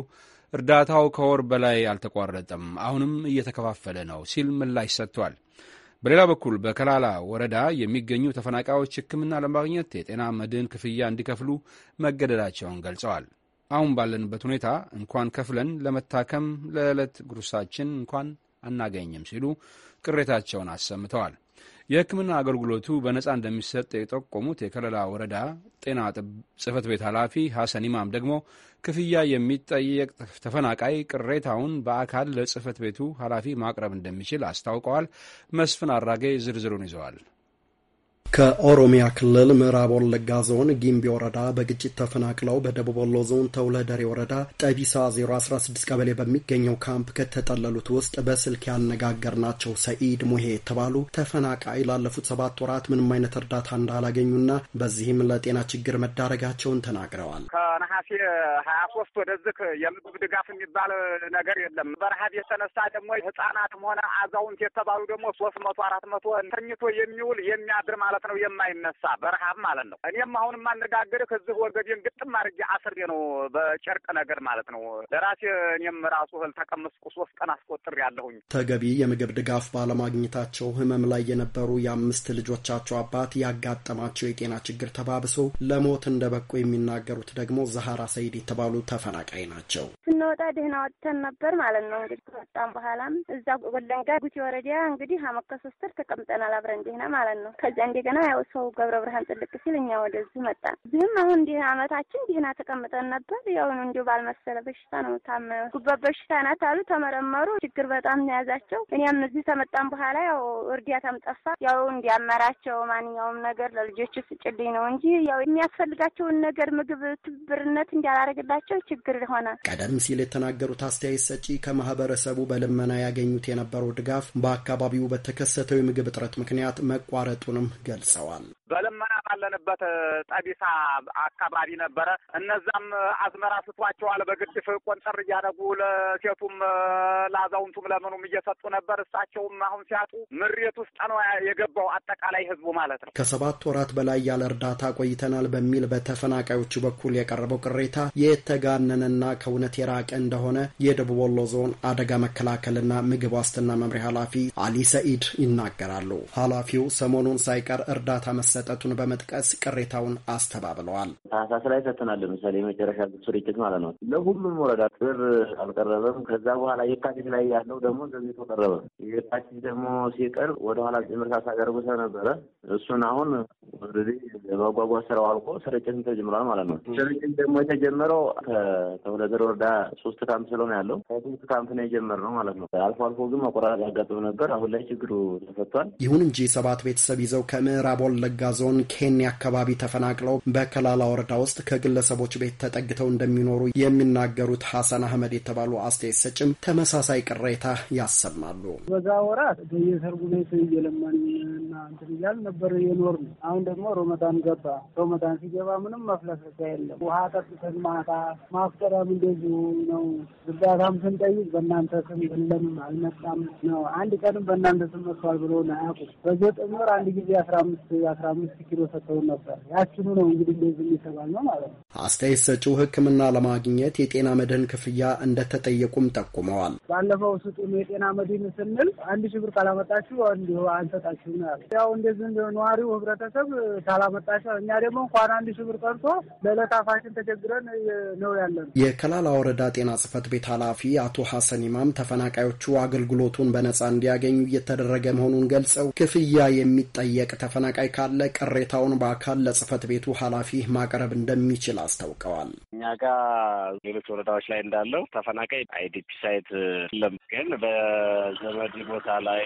እርዳታው ከወር በላይ አልተቋረጠም፣ አሁንም እየተከፋፈለ ነው ሲል ምላሽ ሰጥቷል። በሌላ በኩል በከላላ ወረዳ የሚገኙ ተፈናቃዮች ሕክምና ለማግኘት የጤና መድን ክፍያ እንዲከፍሉ መገደዳቸውን ገልጸዋል። አሁን ባለንበት ሁኔታ እንኳን ከፍለን ለመታከም ለዕለት ጉርሳችን እንኳን አናገኝም ሲሉ ቅሬታቸውን አሰምተዋል። የሕክምና አገልግሎቱ በነጻ እንደሚሰጥ የጠቆሙት የከለላ ወረዳ ጤና ጽህፈት ቤት ኃላፊ ሐሰን ኢማም ደግሞ ክፍያ የሚጠየቅ ተፈናቃይ ቅሬታውን በአካል ለጽህፈት ቤቱ ኃላፊ ማቅረብ እንደሚችል አስታውቀዋል። መስፍን አራጌ ዝርዝሩን ይዘዋል። ከኦሮሚያ ክልል ምዕራብ ወለጋ ዞን ጊምቢ ወረዳ በግጭት ተፈናቅለው በደቡብ ወሎ ዞን ተውለደሬ ወረዳ ጠቢሳ 016 ቀበሌ በሚገኘው ካምፕ ከተጠለሉት ውስጥ በስልክ ያነጋገር ናቸው። ሰኢድ ሙሄ የተባሉ ተፈናቃይ ላለፉት ሰባት ወራት ምንም አይነት እርዳታ እንዳላገኙና በዚህም ለጤና ችግር መዳረጋቸውን ተናግረዋል። ከነሐሴ ሀያ ሶስት ወደዚህ የምግብ ድጋፍ የሚባል ነገር የለም። በረሀብ የተነሳ ደግሞ ህጻናትም ሆነ አዛውንት የተባሉ ደግሞ ሶስት መቶ አራት መቶ ተኝቶ የሚውል የሚያድር ማለት ጩኸት ነው የማይነሳ በረሃብ ማለት ነው። እኔም አሁን የማነጋገር ከዚህ ወገዴን ግጥም አድርጌ አስሬ ነው በጨርቅ ነገር ማለት ነው ለራሴ እኔም ራሱ እህል ተቀመስኩ ሶስት ቀን አስቆጥር ያለሁኝ። ተገቢ የምግብ ድጋፍ ባለማግኘታቸው ህመም ላይ የነበሩ የአምስት ልጆቻቸው አባት ያጋጠማቸው የጤና ችግር ተባብሶ ለሞት እንደበቁ የሚናገሩት ደግሞ ዛሃራ ሰይድ የተባሉ ተፈናቃይ ናቸው። ስንወጣ ደህና ወጥተን ነበር ማለት ነው። እንግዲህ ከወጣም በኋላም እዛ ወለንጋ ጉቲ ወረዳ እንግዲህ አመከ ተቀምጠናል አብረን ደህና ማለት ነው። ከዚያ እንደገና እንደገና ያው ሰው ገብረ ብርሃን ጥልቅ ሲል እኛ ወደዚህ መጣ። እዚህም አሁን እንዲህ አመታችን እንዲህና ተቀምጠን ነበር። ያው እንዲሁ ባልመሰለ በሽታ ነው ታመ ጉበት በሽታ ናት አሉ። ተመረመሩ። ችግር በጣም ያዛቸው። እኛም እዚህ ተመጣን በኋላ ያው እርዳታም ጠፋ። ያው እንዲያመራቸው ማንኛውም ነገር ለልጆቹ ስጭልኝ ነው እንጂ ያው የሚያስፈልጋቸውን ነገር ምግብ ትብብርነት እንዲያላረግላቸው ችግር ሆነ። ቀደም ሲል የተናገሩት አስተያየት ሰጪ ከማህበረሰቡ በልመና ያገኙት የነበረው ድጋፍ በአካባቢው በተከሰተው የምግብ እጥረት ምክንያት መቋረጡንም ገል ገልጸዋል። በልመና ባለንበት ጠቢሳ አካባቢ ነበረ። እነዛም አዝመራ ስቷቸዋል። በግድፍ ቆንጠር እያደረጉ ለሴቱም ለአዛውንቱም ለምኑም እየሰጡ ነበር። እሳቸውም አሁን ሲያጡ ምሬት ውስጥ ነው የገባው አጠቃላይ ህዝቡ ማለት ነው። ከሰባት ወራት በላይ ያለ እርዳታ ቆይተናል በሚል በተፈናቃዮቹ በኩል የቀረበው ቅሬታ የተጋነነና ከእውነት የራቀ እንደሆነ የደቡብ ወሎ ዞን አደጋ መከላከልና ምግብ ዋስትና መምሪያ ኃላፊ አሊ ሰኢድ ይናገራሉ። ኃላፊው ሰሞኑን ሳይቀር እርዳታ መሰ መሰጠቱን በመጥቀስ ቅሬታውን አስተባብለዋል። ታህሳስ ላይ ሰጥተናል። ለምሳሌ የመጨረሻ ስርጭት ማለት ነው። ለሁሉም ወረዳ ጥር አልቀረበም። ከዛ በኋላ የካቲት ላይ ያለው ደግሞ ዘግይቶ ቀረበ። የካቲት ደግሞ ሲቀር ወደኋላ ጭምርታ ሳቀርብ ስለነበረ እሱን አሁን የማጓጓዝ ስራው አልቆ ስርጭትን ተጀምሯል ማለት ነው። ስርጭት ደግሞ የተጀመረው ከተወለደር ወረዳ ሶስት ካምፕ ስለሆነ ያለው ከሶስት ካምፕ ነው የጀመርነው ማለት ነው። አልፎ አልፎ ግን መቆራረጥ ያጋጥም ነበር። አሁን ላይ ችግሩ ተፈቷል። ይሁን እንጂ ሰባት ቤተሰብ ይዘው ከምዕራብ ወለጋ ዞን ኬኒ አካባቢ ተፈናቅለው በከላላ ወረዳ ውስጥ ከግለሰቦች ቤት ተጠግተው እንደሚኖሩ የሚናገሩት ሐሰን አህመድ የተባሉ አስተያየት ሰጭም ተመሳሳይ ቅሬታ ያሰማሉ። በዛ ወራት በየሰርጉ ቤት እየለመን እና እንትን እያል ነበር የኖር ነው። አሁን ደግሞ ሮመዳን ገባ። ሮመዳን ሲገባ ምንም መፍለሰሳ የለም። ውሃ ጠጥተን ማታ ማፍጠሪያም እንደዚሁ ነው። ዝርዳታም ስንጠይቅ በእናንተ ስም ብለም አልመጣም ነው። አንድ ቀንም በእናንተ ስም መጥቷል ብሎ አያውቁም። በዘጠኝ ወር አንድ ጊዜ አስራ አምስት አስራ አምስት ኪሎ ሰጥተውን ነበር። ያችኑ ነው እንግዲህ እንደዚህ የሚሰባል ነው ማለት ነው። አስተያየት ሰጪው ሕክምና ለማግኘት የጤና መድህን ክፍያ እንደተጠየቁም ጠቁመዋል። ባለፈው ስጡን የጤና መድህን ስንል አንድ ሺህ ብር ካላመጣችሁ እንዲሁ አንሰጣችሁ ነው ያለ። ያው እንደዚህ ነዋሪው ህብረተሰብ ካላመጣችሁ፣ እኛ ደግሞ እንኳን አንድ ሺህ ብር ቀርቶ ለዕለት አፋችን ተቸግረን ነው ያለ ነው። የከላላ ወረዳ ጤና ጽህፈት ቤት ኃላፊ አቶ ሀሰን ኢማም ተፈናቃዮቹ አገልግሎቱን በነጻ እንዲያገኙ እየተደረገ መሆኑን ገልጸው ክፍያ የሚጠየቅ ተፈናቃይ ካለ ካለ ቅሬታውን በአካል ለጽህፈት ቤቱ ኃላፊ ማቅረብ እንደሚችል አስታውቀዋል። እኛ ጋር ሌሎች ወረዳዎች ላይ እንዳለው ተፈናቃይ አይዲፒ ሳይት የለም፣ ግን በዘመድ ቦታ ላይ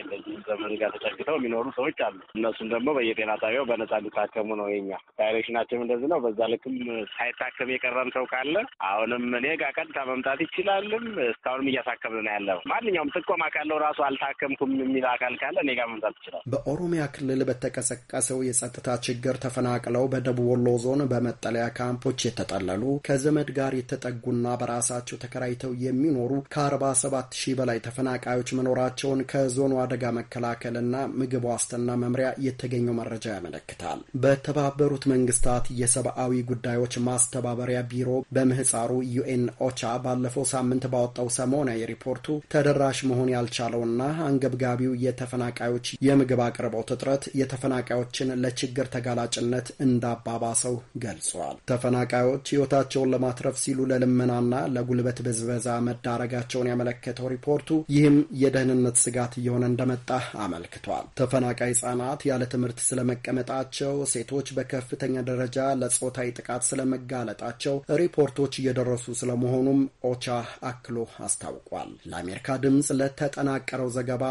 ዘመድ ጋር ተጠግተው የሚኖሩ ሰዎች አሉ። እነሱም ደግሞ በየጤና ጣቢያው በነጻ እንዲታከሙ ነው የኛ ዳይሬክሽናችን እንደዚህ ነው። በዛ ልክም ሳይታከም የቀረም ሰው ካለ አሁንም እኔ ጋር ቀጥታ መምጣት ይችላልም። እስካሁንም እያሳከምን ነው ያለው። ማንኛውም ጥቆማ ካለው ራሱ አልታከምኩም የሚል አካል ካለ እኔ ጋር መምጣት ይችላል። በኦሮሚያ ክልል በተቀሰቀሰው የጸ የጸጥታ ችግር ተፈናቅለው በደቡብ ወሎ ዞን በመጠለያ ካምፖች የተጠለሉ ከዘመድ ጋር የተጠጉና በራሳቸው ተከራይተው የሚኖሩ ከ47 ሺህ በላይ ተፈናቃዮች መኖራቸውን ከዞኑ አደጋ መከላከልና ምግብ ዋስትና መምሪያ የተገኘው መረጃ ያመለክታል። በተባበሩት መንግስታት የሰብአዊ ጉዳዮች ማስተባበሪያ ቢሮ በምህፃሩ ዩኤን ኦቻ ባለፈው ሳምንት ባወጣው ሰሞናዊ ሪፖርቱ ተደራሽ መሆን ያልቻለውና አንገብጋቢው የተፈናቃዮች የምግብ አቅርቦት እጥረት የተፈናቃዮችን ለ ለችግር ተጋላጭነት እንዳባባሰው ገልጿል። ተፈናቃዮች ሕይወታቸውን ለማትረፍ ሲሉ ለልመናና ለጉልበት ብዝበዛ መዳረጋቸውን ያመለከተው ሪፖርቱ ይህም የደህንነት ስጋት እየሆነ እንደመጣ አመልክቷል። ተፈናቃይ ህጻናት ያለ ትምህርት ስለመቀመጣቸው፣ ሴቶች በከፍተኛ ደረጃ ለጾታዊ ጥቃት ስለመጋለጣቸው ሪፖርቶች እየደረሱ ስለመሆኑም ኦቻ አክሎ አስታውቋል። ለአሜሪካ ድምፅ ለተጠናቀረው ዘገባ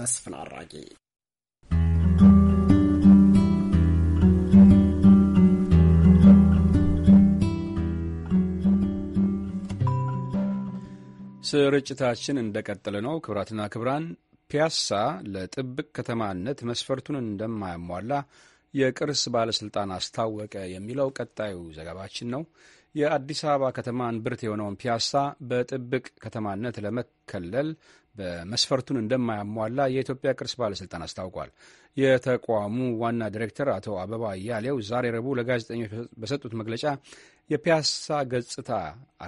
መስፍን አራጌ ስርጭታችን እንደቀጠለ ነው። ክብራትና ክብራን ፒያሳ ለጥብቅ ከተማነት መስፈርቱን እንደማያሟላ የቅርስ ባለሥልጣን አስታወቀ የሚለው ቀጣዩ ዘገባችን ነው። የአዲስ አበባ ከተማ እምብርት የሆነውን ፒያሳ በጥብቅ ከተማነት ለመከለል በመስፈርቱን እንደማያሟላ የኢትዮጵያ ቅርስ ባለሥልጣን አስታውቋል። የተቋሙ ዋና ዲሬክተር አቶ አበባ እያሌው ዛሬ ረቡዕ ለጋዜጠኞች በሰጡት መግለጫ የፒያሳ ገጽታ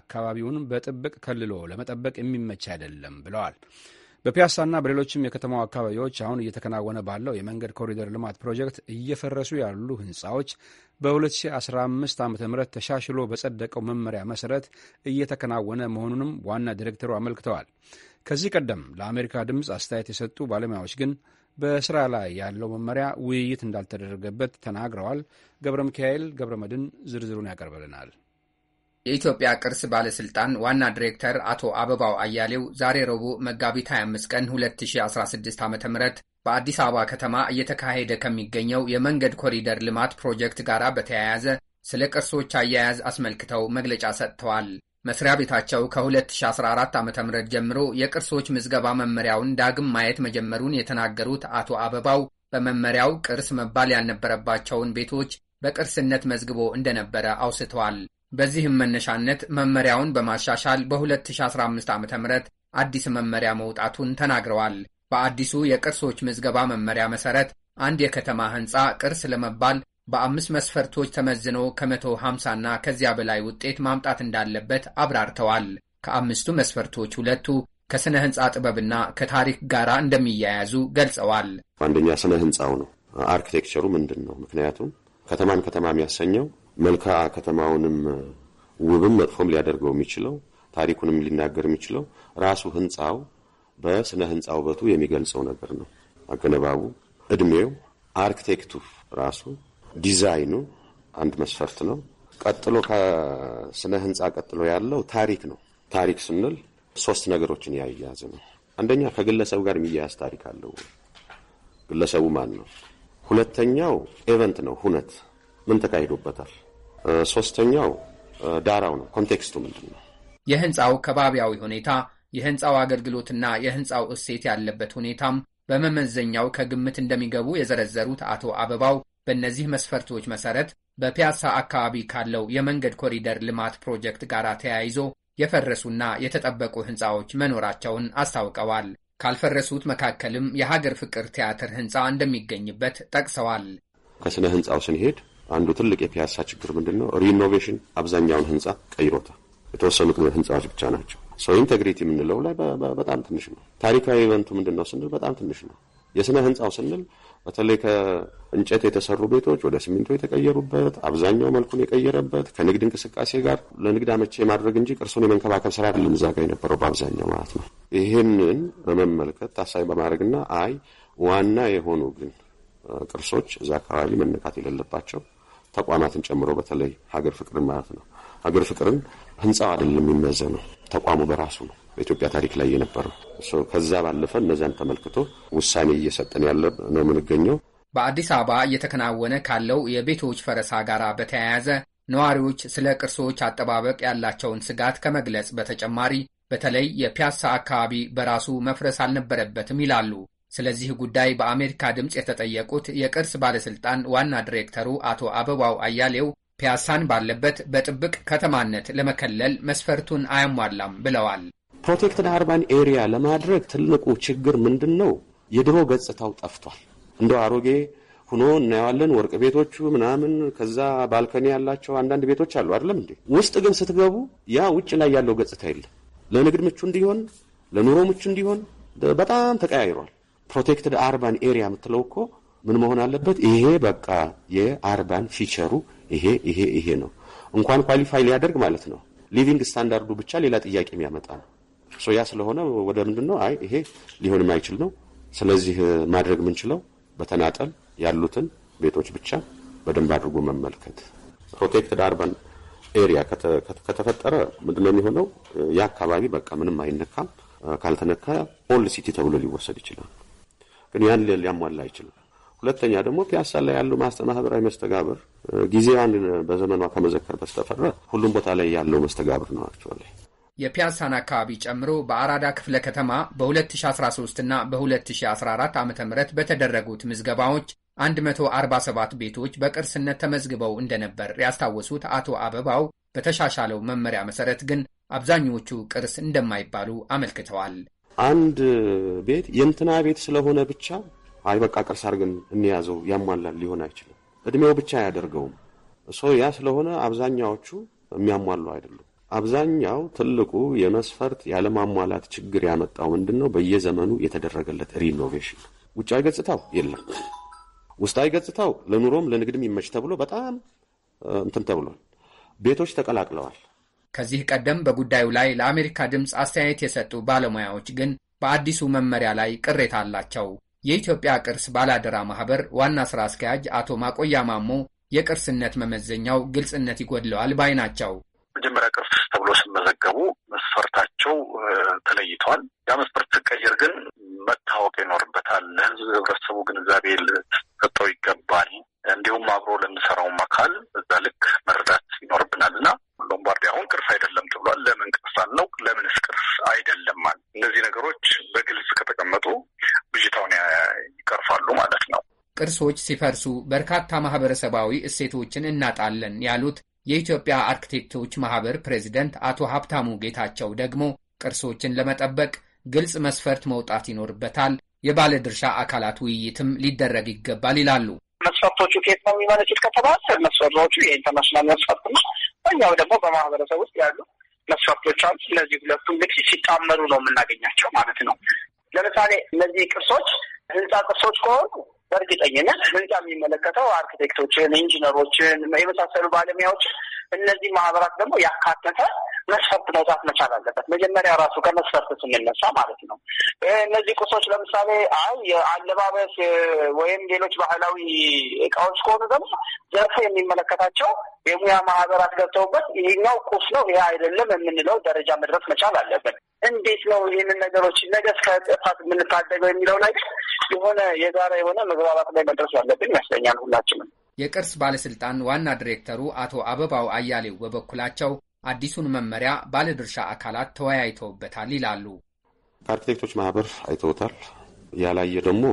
አካባቢውን በጥብቅ ከልሎ ለመጠበቅ የሚመች አይደለም ብለዋል። በፒያሳና በሌሎችም የከተማው አካባቢዎች አሁን እየተከናወነ ባለው የመንገድ ኮሪደር ልማት ፕሮጀክት እየፈረሱ ያሉ ህንፃዎች በ2015 ዓ ም ተሻሽሎ በጸደቀው መመሪያ መሰረት እየተከናወነ መሆኑንም ዋና ዲሬክተሩ አመልክተዋል። ከዚህ ቀደም ለአሜሪካ ድምፅ አስተያየት የሰጡ ባለሙያዎች ግን በስራ ላይ ያለው መመሪያ ውይይት እንዳልተደረገበት ተናግረዋል። ገብረ ሚካኤል ገብረ መድን ዝርዝሩን ያቀርበልናል። የኢትዮጵያ ቅርስ ባለስልጣን ዋና ዲሬክተር አቶ አበባው አያሌው ዛሬ ረቡዕ መጋቢት 25 ቀን 2016 ዓ ም በአዲስ አበባ ከተማ እየተካሄደ ከሚገኘው የመንገድ ኮሪደር ልማት ፕሮጀክት ጋር በተያያዘ ስለ ቅርሶች አያያዝ አስመልክተው መግለጫ ሰጥተዋል። መስሪያ ቤታቸው ከ2014 ዓ ም ጀምሮ የቅርሶች ምዝገባ መመሪያውን ዳግም ማየት መጀመሩን የተናገሩት አቶ አበባው በመመሪያው ቅርስ መባል ያልነበረባቸውን ቤቶች በቅርስነት መዝግቦ እንደነበረ አውስተዋል። በዚህም መነሻነት መመሪያውን በማሻሻል በ2015 ዓ ም አዲስ መመሪያ መውጣቱን ተናግረዋል። በአዲሱ የቅርሶች ምዝገባ መመሪያ መሠረት አንድ የከተማ ህንፃ ቅርስ ለመባል በአምስት መስፈርቶች ተመዝኖ ከመቶ ሃምሳና ከዚያ በላይ ውጤት ማምጣት እንዳለበት አብራርተዋል። ከአምስቱ መስፈርቶች ሁለቱ ከሥነ ህንፃ ጥበብና ከታሪክ ጋር እንደሚያያዙ ገልጸዋል። አንደኛ ስነ ህንፃው ነው። አርኪቴክቸሩ ምንድን ነው? ምክንያቱም ከተማን ከተማ የሚያሰኘው መልክዓ ከተማውንም ውብም መጥፎም ሊያደርገው የሚችለው ታሪኩንም ሊናገር የሚችለው ራሱ ህንፃው በስነ ህንፃ ውበቱ የሚገልጸው ነገር ነው። አገነባቡ፣ እድሜው፣ አርክቴክቱ ራሱ ዲዛይኑ አንድ መስፈርት ነው። ቀጥሎ ከስነ ህንፃ ቀጥሎ ያለው ታሪክ ነው። ታሪክ ስንል ሶስት ነገሮችን ያያዝ ነው። አንደኛ ከግለሰቡ ጋር የሚያያዝ ታሪክ አለው። ግለሰቡ ማን ነው? ሁለተኛው ኤቨንት ነው፣ ሁነት ምን ተካሂዶበታል? ሶስተኛው ዳራው ነው። ኮንቴክስቱ ምንድን ነው? የህንፃው ከባቢያዊ ሁኔታ፣ የህንፃው አገልግሎትና የህንፃው እሴት ያለበት ሁኔታም በመመዘኛው ከግምት እንደሚገቡ የዘረዘሩት አቶ አበባው በእነዚህ መስፈርቶች መሰረት በፒያሳ አካባቢ ካለው የመንገድ ኮሪደር ልማት ፕሮጀክት ጋር ተያይዞ የፈረሱና የተጠበቁ ህንፃዎች መኖራቸውን አስታውቀዋል። ካልፈረሱት መካከልም የሀገር ፍቅር ቲያትር ህንፃ እንደሚገኝበት ጠቅሰዋል። ከስነ ህንፃው ስንሄድ አንዱ ትልቅ የፒያሳ ችግር ምንድን ነው? ሪኖቬሽን አብዛኛውን ህንፃ ቀይሮታል። የተወሰኑት ህንፃዎች ብቻ ናቸው። ሰው ኢንቴግሪቲ የምንለው ላይ በጣም ትንሽ ነው። ታሪካዊ ኢቨንቱ ምንድን ነው ስንል በጣም ትንሽ ነው። የስነ ህንፃው ስንል በተለይ ከእንጨት የተሰሩ ቤቶች ወደ ሲሚንቶ የተቀየሩበት አብዛኛው መልኩን የቀየረበት ከንግድ እንቅስቃሴ ጋር ለንግድ አመቼ የማድረግ እንጂ ቅርሱን የመንከባከብ ስራ አይደለም እዛ ጋር የነበረው በአብዛኛው ማለት ነው። ይህንን በመመልከት ታሳቢ በማድረግና አይ ዋና የሆኑ ግን ቅርሶች እዛ አካባቢ መነካት የሌለባቸው ተቋማትን ጨምሮ በተለይ ሀገር ፍቅርን ማለት ነው። ሀገር ፍቅርን ህንፃው አይደለም የሚመዘነው፣ ተቋሙ በራሱ ነው በኢትዮጵያ ታሪክ ላይ የነበረው። ከዛ ባለፈ እነዚያን ተመልክቶ ውሳኔ እየሰጠን ያለ ነው የምንገኘው። በአዲስ አበባ እየተከናወነ ካለው የቤቶች ፈረሳ ጋር በተያያዘ ነዋሪዎች ስለ ቅርሶች አጠባበቅ ያላቸውን ስጋት ከመግለጽ በተጨማሪ በተለይ የፒያሳ አካባቢ በራሱ መፍረስ አልነበረበትም ይላሉ። ስለዚህ ጉዳይ በአሜሪካ ድምፅ የተጠየቁት የቅርስ ባለሥልጣን ዋና ዲሬክተሩ አቶ አበባው አያሌው ፒያሳን ባለበት በጥብቅ ከተማነት ለመከለል መስፈርቱን አያሟላም ብለዋል። ፕሮቴክትድ አርባን ኤሪያ ለማድረግ ትልቁ ችግር ምንድን ነው? የድሮ ገጽታው ጠፍቷል። እንደ አሮጌ ሁኖ እናየዋለን። ወርቅ ቤቶቹ ምናምን፣ ከዛ ባልከኒ ያላቸው አንዳንድ ቤቶች አሉ አይደለም እንዴ? ውስጥ ግን ስትገቡ ያ ውጭ ላይ ያለው ገጽታ የለም። ለንግድ ምቹ እንዲሆን፣ ለኑሮ ምቹ እንዲሆን በጣም ተቀያይሯል። ፕሮቴክትድ አርባን ኤሪያ የምትለው እኮ ምን መሆን አለበት? ይሄ በቃ የአርባን ፊቸሩ ይሄ ይሄ ይሄ ነው። እንኳን ኳሊፋይ ሊያደርግ ማለት ነው። ሊቪንግ ስታንዳርዱ ብቻ ሌላ ጥያቄ የሚያመጣ ነው። ሶ ያ ስለሆነ ወደ ምንድን ነው አይ ይሄ ሊሆን የማይችል ነው። ስለዚህ ማድረግ የምንችለው በተናጠል ያሉትን ቤቶች ብቻ በደንብ አድርጎ መመልከት። ፕሮቴክትድ አርባን ኤሪያ ከተፈጠረ ምንድን ነው የሚሆነው? ያ አካባቢ በቃ ምንም አይነካም። ካልተነካ ኦልድ ሲቲ ተብሎ ሊወሰድ ይችላል። ግን ያን ሊያሟላ አይችልም። ሁለተኛ ደግሞ ፒያሳ ላይ ያለው ማህበራዊ መስተጋብር ጊዜዋን በዘመኗ ከመዘከር በስተፈረ ሁሉም ቦታ ላይ ያለው መስተጋብር ነው። የፒያሳን አካባቢ ጨምሮ በአራዳ ክፍለ ከተማ በ2013 እና በ2014 ዓ ም በተደረጉት ምዝገባዎች 147 ቤቶች በቅርስነት ተመዝግበው እንደነበር ያስታወሱት አቶ አበባው በተሻሻለው መመሪያ መሰረት ግን አብዛኞቹ ቅርስ እንደማይባሉ አመልክተዋል። አንድ ቤት የእንትና ቤት ስለሆነ ብቻ አይ በቃ ቅርስ አድርገን እንያዘው ያሟላል ሊሆን አይችልም። እድሜው ብቻ አያደርገውም። እሶ ያ ስለሆነ አብዛኛዎቹ የሚያሟሉ አይደሉም። አብዛኛው ትልቁ የመስፈርት ያለማሟላት ችግር ያመጣው ምንድን ነው? በየዘመኑ የተደረገለት ሪኖቬሽን። ውጫዊ ገጽታው የለም፣ ውስጣዊ ገጽታው ለኑሮም ለንግድም ይመች ተብሎ በጣም እንትን ተብሏል። ቤቶች ተቀላቅለዋል። ከዚህ ቀደም በጉዳዩ ላይ ለአሜሪካ ድምፅ አስተያየት የሰጡ ባለሙያዎች ግን በአዲሱ መመሪያ ላይ ቅሬታ አላቸው። የኢትዮጵያ ቅርስ ባላደራ ማህበር ዋና ሥራ አስኪያጅ አቶ ማቆያ ማሞ የቅርስነት መመዘኛው ግልጽነት ይጎድለዋል ባይ ናቸው። መጀመሪያ ቅርስ ተብሎ ሲመዘገቡ መስፈርታቸው ተለይተዋል። ያ መስፈርት ሲቀየር ግን መታወቅ ይኖርበታል። ለህዝብ ህብረተሰቡ ግንዛቤ ልሰጠው ይገባል። እንዲሁም አብሮ ለሚሰራውም አካል በዛ ልክ መረዳት ይኖርብናል እና ሎምባርዲ አሁን ቅርስ አይደለም ተብሏል። ለምን ቅርስ አልነው? ለምንስ ቅርስ አይደለም ማለት እነዚህ ነገሮች በግልጽ ከተቀመጡ ብዥታውን ይቀርፋሉ ማለት ነው። ቅርሶች ሲፈርሱ በርካታ ማህበረሰባዊ እሴቶችን እናጣለን ያሉት የኢትዮጵያ አርክቴክቶች ማህበር ፕሬዚደንት አቶ ሀብታሙ ጌታቸው ደግሞ ቅርሶችን ለመጠበቅ ግልጽ መስፈርት መውጣት ይኖርበታል፣ የባለድርሻ አካላት ውይይትም ሊደረግ ይገባል ይላሉ። መስፈርቶቹ ከየት ነው የሚመነጩት ከተባለ መስፈርቶቹ የኢንተርናሽናል መስፈርት ነው። ያው ደግሞ በማህበረሰብ ውስጥ ያሉ ነፍስ አሉ። እነዚህ ሁለቱ እንግዲህ ሲጣመሩ ነው የምናገኛቸው ማለት ነው። ለምሳሌ እነዚህ ቅርሶች ህንፃ ቅርሶች ከሆኑ በእርግጠኝነት ህንፃ የሚመለከተው አርኪቴክቶችን፣ ኢንጂነሮችን የመሳሰሉ ባለሙያዎችን እነዚህ ማህበራት ደግሞ ያካተተ መስፈርት መውጣት መቻል አለበት። መጀመሪያ ራሱ ከመስፈርት ስንነሳ ማለት ነው። እነዚህ ቁሶች ለምሳሌ አይ የአለባበስ ወይም ሌሎች ባህላዊ እቃዎች ከሆኑ ደግሞ ዘርፉ የሚመለከታቸው የሙያ ማህበራት ገብተውበት ይሄኛው ቁስ ነው ይሄ አይደለም የምንለው ደረጃ መድረስ መቻል አለብን። እንዴት ነው ይህንን ነገሮች ነገስ ከጥፋት የምንታደገው የሚለው ላይ የሆነ የጋራ የሆነ መግባባት ላይ መድረስ ያለብን ይመስለኛል ሁላችንም። የቅርስ ባለስልጣን ዋና ዲሬክተሩ አቶ አበባው አያሌው በበኩላቸው አዲሱን መመሪያ ባለድርሻ አካላት ተወያይተውበታል ይላሉ። ከአርኪቴክቶች ማህበር አይተውታል። ያላየ ደግሞ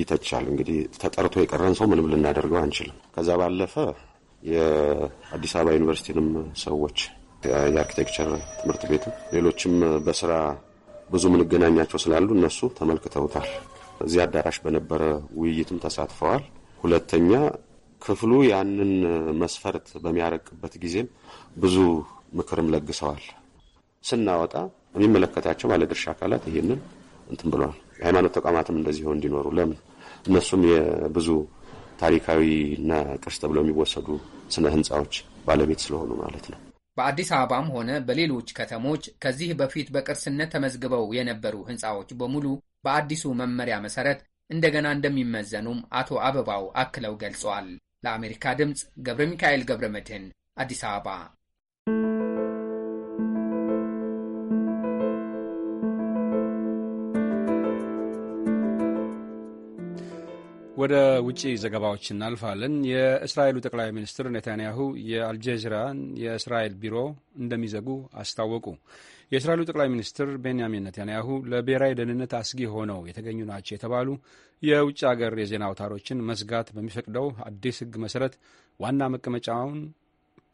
ይተቻል። እንግዲህ ተጠርቶ የቀረን ሰው ምንም ልናደርገው አንችልም። ከዛ ባለፈ የአዲስ አበባ ዩኒቨርሲቲንም ሰዎች የአርኪቴክቸር ትምህርት ቤት ሌሎችም በስራ ብዙ ምንገናኛቸው ስላሉ እነሱ ተመልክተውታል። እዚህ አዳራሽ በነበረ ውይይትም ተሳትፈዋል። ሁለተኛ ክፍሉ ያንን መስፈርት በሚያረቅበት ጊዜም ብዙ ምክርም ለግሰዋል። ስናወጣ የሚመለከታቸው ባለድርሻ አካላት ይህንን እንትን ብሏል። የሃይማኖት ተቋማትም እንደዚህ እንዲኖሩ ለምን እነሱም የብዙ ታሪካዊና ቅርስ ተብለው የሚወሰዱ ስነ ህንፃዎች ባለቤት ስለሆኑ ማለት ነው። በአዲስ አበባም ሆነ በሌሎች ከተሞች ከዚህ በፊት በቅርስነት ተመዝግበው የነበሩ ህንፃዎች በሙሉ በአዲሱ መመሪያ መሰረት እንደገና እንደሚመዘኑም አቶ አበባው አክለው ገልጸዋል። ለአሜሪካ ድምፅ ገብረ ሚካኤል ገብረ መድህን አዲስ አበባ ወደ ውጭ ዘገባዎች እናልፋለን። የእስራኤሉ ጠቅላይ ሚኒስትር ኔታንያሁ የአልጀዚራን የእስራኤል ቢሮ እንደሚዘጉ አስታወቁ። የእስራኤሉ ጠቅላይ ሚኒስትር ቤንያሚን ኔታንያሁ ለብሔራዊ ደህንነት አስጊ ሆነው የተገኙ ናቸው የተባሉ የውጭ አገር የዜና አውታሮችን መዝጋት በሚፈቅደው አዲስ ሕግ መሰረት ዋና መቀመጫውን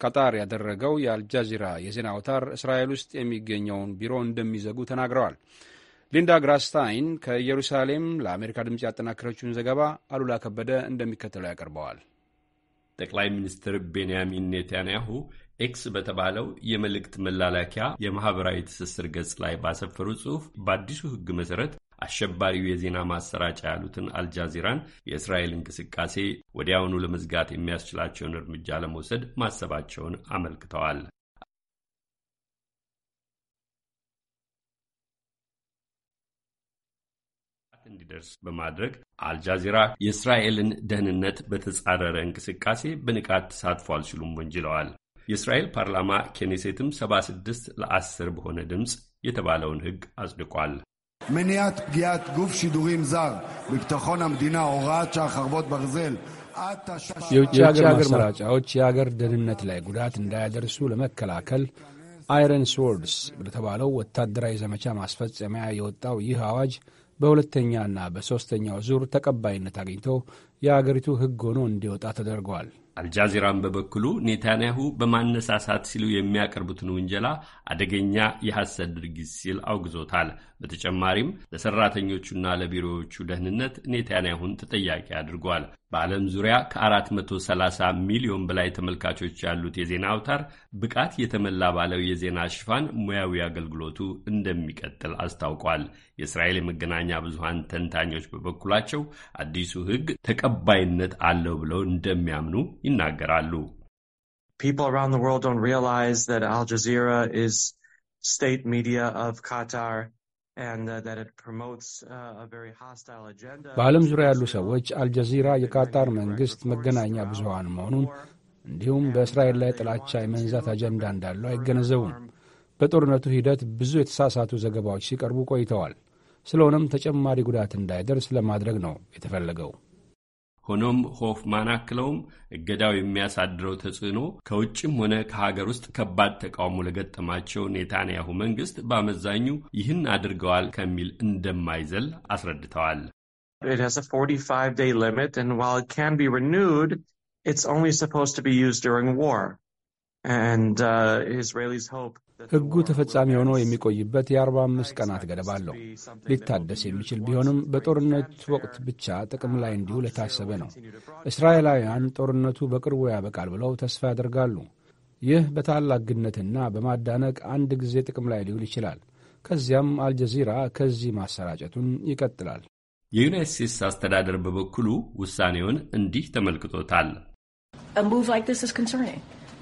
ቀጣር ያደረገው የአልጃዚራ የዜና አውታር እስራኤል ውስጥ የሚገኘውን ቢሮ እንደሚዘጉ ተናግረዋል። ሊንዳ ግራስታይን ከኢየሩሳሌም ለአሜሪካ ድምፅ ያጠናከረችውን ዘገባ አሉላ ከበደ እንደሚከተለው ያቀርበዋል። ጠቅላይ ሚኒስትር ቤንያሚን ኔታንያሁ ኤክስ በተባለው የመልእክት መላላኪያ የማኅበራዊ ትስስር ገጽ ላይ ባሰፈሩ ጽሑፍ በአዲሱ ሕግ መሠረት አሸባሪው የዜና ማሰራጫ ያሉትን አልጃዚራን የእስራኤል እንቅስቃሴ ወዲያውኑ ለመዝጋት የሚያስችላቸውን እርምጃ ለመውሰድ ማሰባቸውን አመልክተዋል። እንዲደርስ በማድረግ አልጃዚራ የእስራኤልን ደህንነት በተጻረረ እንቅስቃሴ በንቃት ተሳትፏል ሲሉም ወንጅለዋል። የእስራኤል ፓርላማ ኬኔሴትም 76 ለ10 በሆነ ድምፅ የተባለውን ሕግ አጽድቋል። መኒያት פגיעת ጉፍ ሽዱሪም ዛር בביטחון አምዲና ሆራት ሻ ኸርቦት ברזל የውጭ ሀገር መራጫዎች የአገር ደህንነት ላይ ጉዳት እንዳያደርሱ ለመከላከል አይረን ስዎርድስ በተባለው ወታደራዊ ዘመቻ ማስፈጸሚያ የወጣው ይህ አዋጅ በሁለተኛና በሦስተኛው ዙር ተቀባይነት አግኝቶ የአገሪቱ ሕግ ሆኖ እንዲወጣ ተደርጓል። አልጃዚራም በበኩሉ ኔታንያሁ በማነሳሳት ሲሉ የሚያቀርቡትን ውንጀላ አደገኛ የሐሰት ድርጊት ሲል አውግዞታል። በተጨማሪም ለሠራተኞቹና ለቢሮዎቹ ደህንነት ኔታንያሁን ተጠያቂ አድርጓል። በዓለም ዙሪያ ከ430 ሚሊዮን በላይ ተመልካቾች ያሉት የዜና አውታር ብቃት የተመላ ባለው የዜና ሽፋን ሙያዊ አገልግሎቱ እንደሚቀጥል አስታውቋል። የእስራኤል የመገናኛ ብዙሃን ተንታኞች በበኩላቸው አዲሱ ሕግ ተቀባይነት አለው ብለው እንደሚያምኑ ይናገራሉ። ፒፕል አራውንድ ዘ ወርልድ ዶንት ሪያላይዝ ሚዲያ ኦፍ ካታር Uh, uh, በዓለም ዙሪያ ያሉ uh, ሰዎች አልጀዚራ የቃጣር መንግሥት መገናኛ ብዙሃን መሆኑን እንዲሁም በእስራኤል ላይ ጥላቻ የመንዛት አጀንዳ እንዳለው አይገነዘቡም። በጦርነቱ ሂደት ብዙ የተሳሳቱ ዘገባዎች ሲቀርቡ ቆይተዋል። ስለሆነም ተጨማሪ ጉዳት እንዳይደርስ ለማድረግ ነው የተፈለገው። ሆኖም ሆፍ ማናክለውም እገዳው የሚያሳድረው ተጽዕኖ ከውጭም ሆነ ከሀገር ውስጥ ከባድ ተቃውሞ ለገጠማቸው ኔታንያሁ መንግስት በአመዛኙ ይህን አድርገዋል ከሚል እንደማይዘል አስረድተዋል። ሕጉ ተፈጻሚ ሆኖ የሚቆይበት የ45 ቀናት ገደብ አለው። ሊታደስ የሚችል ቢሆንም በጦርነት ወቅት ብቻ ጥቅም ላይ እንዲውል የታሰበ ነው። እስራኤላውያን ጦርነቱ በቅርቡ ያበቃል ብለው ተስፋ ያደርጋሉ። ይህ በታላቅ ግነትና በማዳነቅ አንድ ጊዜ ጥቅም ላይ ሊውል ይችላል። ከዚያም አልጀዚራ ከዚህ ማሰራጨቱን ይቀጥላል። የዩናይት ስቴትስ አስተዳደር በበኩሉ ውሳኔውን እንዲህ ተመልክቶታል።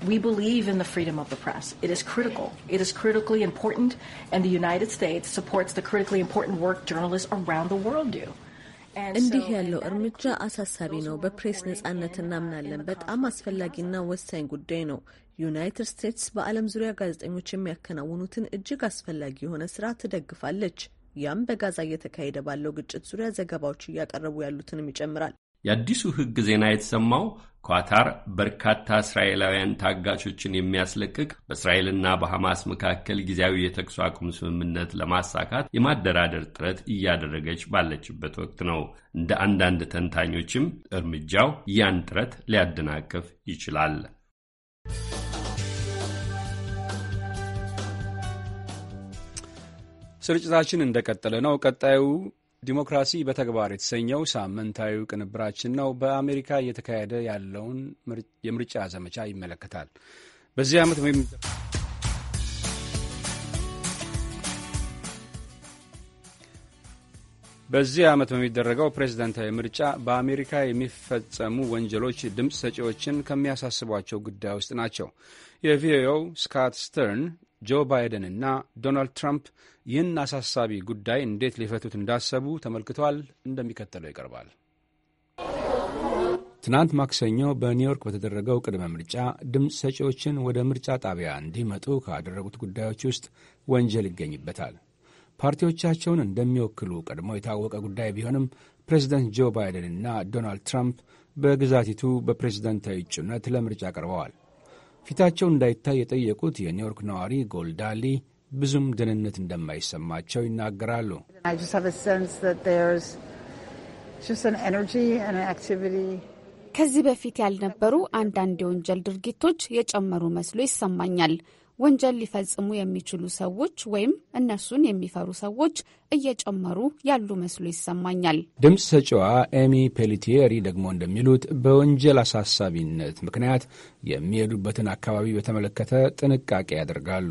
We believe in the freedom of the press. It is critical. It is critically important, and the United States supports the critically important work journalists around the world do. እንዲህ ያለው እርምጃ አሳሳቢ ነው። በፕሬስ ነጻነት እናምናለን። በጣም አስፈላጊና ወሳኝ ጉዳይ ነው። ዩናይትድ ስቴትስ በዓለም ዙሪያ ጋዜጠኞች የሚያከናውኑትን እጅግ አስፈላጊ የሆነ ስራ ትደግፋለች። ያም በጋዛ እየተካሄደ ባለው ግጭት ዙሪያ ዘገባዎች እያቀረቡ ያሉትንም ይጨምራል። የአዲሱ ሕግ ዜና የተሰማው ኳታር በርካታ እስራኤላውያን ታጋቾችን የሚያስለቅቅ በእስራኤልና በሐማስ መካከል ጊዜያዊ የተኩስ አቁም ስምምነት ለማሳካት የማደራደር ጥረት እያደረገች ባለችበት ወቅት ነው። እንደ አንዳንድ ተንታኞችም እርምጃው ያን ጥረት ሊያደናቅፍ ይችላል። ስርጭታችን እንደቀጠለ ነው። ቀጣዩ ዲሞክራሲ በተግባር የተሰኘው ሳምንታዊ ቅንብራችን ነው። በአሜሪካ እየተካሄደ ያለውን የምርጫ ዘመቻ ይመለከታል። በዚህ ዓመት በዚህ ዓመት በሚደረገው ፕሬዝደንታዊ ምርጫ በአሜሪካ የሚፈጸሙ ወንጀሎች ድምፅ ሰጪዎችን ከሚያሳስቧቸው ጉዳይ ውስጥ ናቸው። የቪኦኤው ስካት ስተርን ጆ ባይደን እና ዶናልድ ትራምፕ ይህን አሳሳቢ ጉዳይ እንዴት ሊፈቱት እንዳሰቡ ተመልክተዋል። እንደሚከተለው ይቀርባል። ትናንት ማክሰኞ በኒውዮርክ በተደረገው ቅድመ ምርጫ ድምፅ ሰጪዎችን ወደ ምርጫ ጣቢያ እንዲመጡ ካደረጉት ጉዳዮች ውስጥ ወንጀል ይገኝበታል። ፓርቲዎቻቸውን እንደሚወክሉ ቀድሞ የታወቀ ጉዳይ ቢሆንም ፕሬዚደንት ጆ ባይደን እና ዶናልድ ትራምፕ በግዛቲቱ በፕሬዝደንታዊ እጩነት ለምርጫ ቀርበዋል። ፊታቸው እንዳይታይ የጠየቁት የኒውዮርክ ነዋሪ ጎልዳሊ ብዙም ደህንነት እንደማይሰማቸው ይናገራሉ። ከዚህ በፊት ያልነበሩ አንዳንድ የወንጀል ድርጊቶች የጨመሩ መስሎ ይሰማኛል። ወንጀል ሊፈጽሙ የሚችሉ ሰዎች ወይም እነሱን የሚፈሩ ሰዎች እየጨመሩ ያሉ መስሎ ይሰማኛል። ድምፅ ሰጪዋ ኤሚ ፔሊቲየሪ ደግሞ እንደሚሉት በወንጀል አሳሳቢነት ምክንያት የሚሄዱበትን አካባቢ በተመለከተ ጥንቃቄ ያደርጋሉ።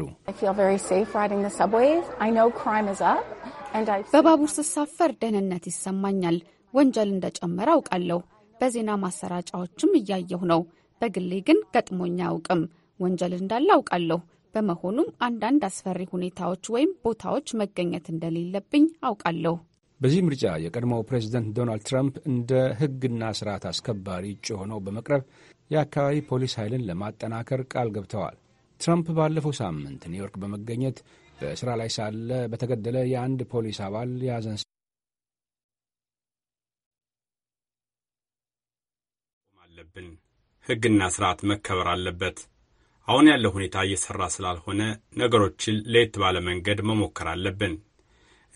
በባቡር ስሳፈር ደህንነት ይሰማኛል። ወንጀል እንደጨመረ አውቃለሁ። በዜና ማሰራጫዎችም እያየሁ ነው። በግሌ ግን ገጥሞኝ አያውቅም። ወንጀል እንዳለ አውቃለሁ። በመሆኑም አንዳንድ አስፈሪ ሁኔታዎች ወይም ቦታዎች መገኘት እንደሌለብኝ አውቃለሁ። በዚህ ምርጫ የቀድሞው ፕሬዚደንት ዶናልድ ትራምፕ እንደ ሕግና ስርዓት አስከባሪ እጩ ሆነው በመቅረብ የአካባቢ ፖሊስ ኃይልን ለማጠናከር ቃል ገብተዋል። ትራምፕ ባለፈው ሳምንት ኒውዮርክ በመገኘት በስራ ላይ ሳለ በተገደለ የአንድ ፖሊስ አባል የያዘን አለብን። ሕግና ስርዓት መከበር አለበት። አሁን ያለው ሁኔታ እየሰራ ስላልሆነ ነገሮችን ለየት ባለ መንገድ መሞከር አለብን።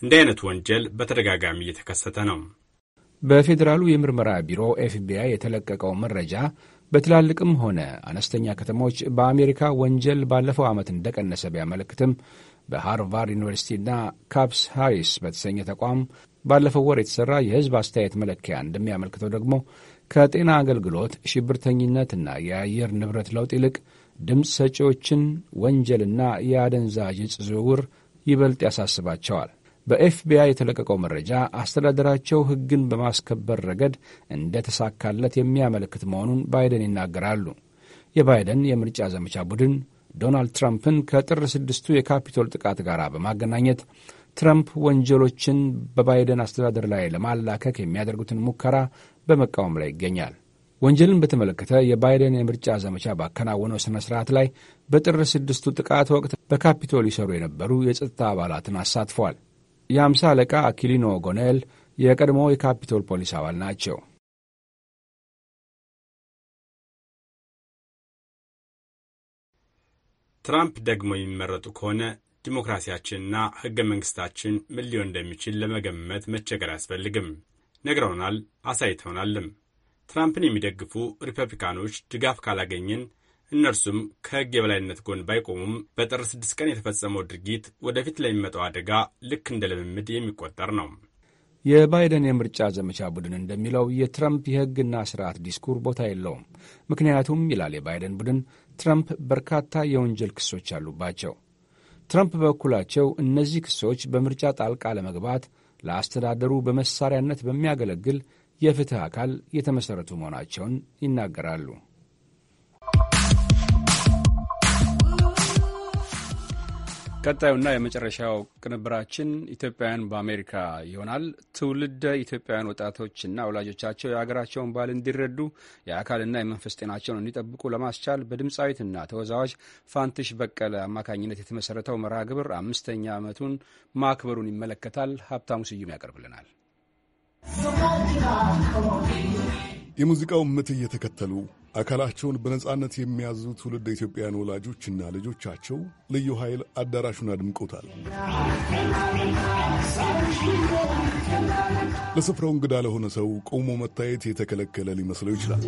እንዲህ አይነቱ ወንጀል በተደጋጋሚ እየተከሰተ ነው። በፌዴራሉ የምርመራ ቢሮ ኤፍቢአይ የተለቀቀው መረጃ በትላልቅም ሆነ አነስተኛ ከተሞች በአሜሪካ ወንጀል ባለፈው ዓመት እንደቀነሰ ቢያመለክትም በሃርቫርድ ዩኒቨርሲቲና ካፕስ ሃሪስ በተሰኘ ተቋም ባለፈው ወር የተሠራ የሕዝብ አስተያየት መለኪያ እንደሚያመልክተው ደግሞ ከጤና አገልግሎት ሽብርተኝነትና የአየር ንብረት ለውጥ ይልቅ ድምፅ ሰጪዎችን ወንጀልና የአደንዛዥ ዝውውር ይበልጥ ያሳስባቸዋል። በኤፍቢአይ የተለቀቀው መረጃ አስተዳደራቸው ሕግን በማስከበር ረገድ እንደ ተሳካለት የሚያመለክት መሆኑን ባይደን ይናገራሉ። የባይደን የምርጫ ዘመቻ ቡድን ዶናልድ ትራምፕን ከጥር ስድስቱ የካፒቶል ጥቃት ጋር በማገናኘት ትራምፕ ወንጀሎችን በባይደን አስተዳደር ላይ ለማላከክ የሚያደርጉትን ሙከራ በመቃወም ላይ ይገኛል። ወንጀልን በተመለከተ የባይደን የምርጫ ዘመቻ ባከናወነው ሥነ ሥርዓት ላይ በጥር ስድስቱ ጥቃት ወቅት በካፒቶል ይሰሩ የነበሩ የጸጥታ አባላትን አሳትፏል። የአምሳ አለቃ አኪሊኖ ጎኔል የቀድሞ የካፒቶል ፖሊስ አባል ናቸው። ትራምፕ ደግሞ የሚመረጡ ከሆነ ዲሞክራሲያችንና ሕገ መንግሥታችን ምን ሊሆን እንደሚችል ለመገመት መቸገር አያስፈልግም። ነግረውናል፣ አሳይተውናልም። ትራምፕን የሚደግፉ ሪፐብሊካኖች ድጋፍ ካላገኘን እነርሱም ከሕግ የበላይነት ጎን ባይቆሙም በጥር ስድስት ቀን የተፈጸመው ድርጊት ወደፊት ለሚመጣው አደጋ ልክ እንደ ልምምድ የሚቆጠር ነው። የባይደን የምርጫ ዘመቻ ቡድን እንደሚለው የትራምፕ የሕግና ስርዓት ዲስኩር ቦታ የለውም። ምክንያቱም ይላል የባይደን ቡድን፣ ትራምፕ በርካታ የወንጀል ክሶች አሉባቸው። ትራምፕ በበኩላቸው እነዚህ ክሶች በምርጫ ጣልቃ ለመግባት ለአስተዳደሩ በመሳሪያነት በሚያገለግል የፍትህ አካል የተመሠረቱ መሆናቸውን ይናገራሉ። ቀጣዩና የመጨረሻው ቅንብራችን ኢትዮጵያውያን በአሜሪካ ይሆናል። ትውልደ ኢትዮጵያውያን ወጣቶችና ወላጆቻቸው የሀገራቸውን ባህል እንዲረዱ የአካልና የመንፈስ ጤናቸውን እንዲጠብቁ ለማስቻል በድምፃዊትና ተወዛዋዥ ፋንትሽ በቀለ አማካኝነት የተመሠረተው መርሃ ግብር አምስተኛ ዓመቱን ማክበሩን ይመለከታል። ሀብታሙ ስዩም ያቀርብልናል። የሙዚቃው ምት እየተከተሉ አካላቸውን በነጻነት የሚያዙ ትውልድ ኢትዮጵያውያን ወላጆችና ልጆቻቸው ልዩ ኃይል አዳራሹን አድምቆታል። ለስፍራው እንግዳ ለሆነ ሰው ቆሞ መታየት የተከለከለ ሊመስለው ይችላል።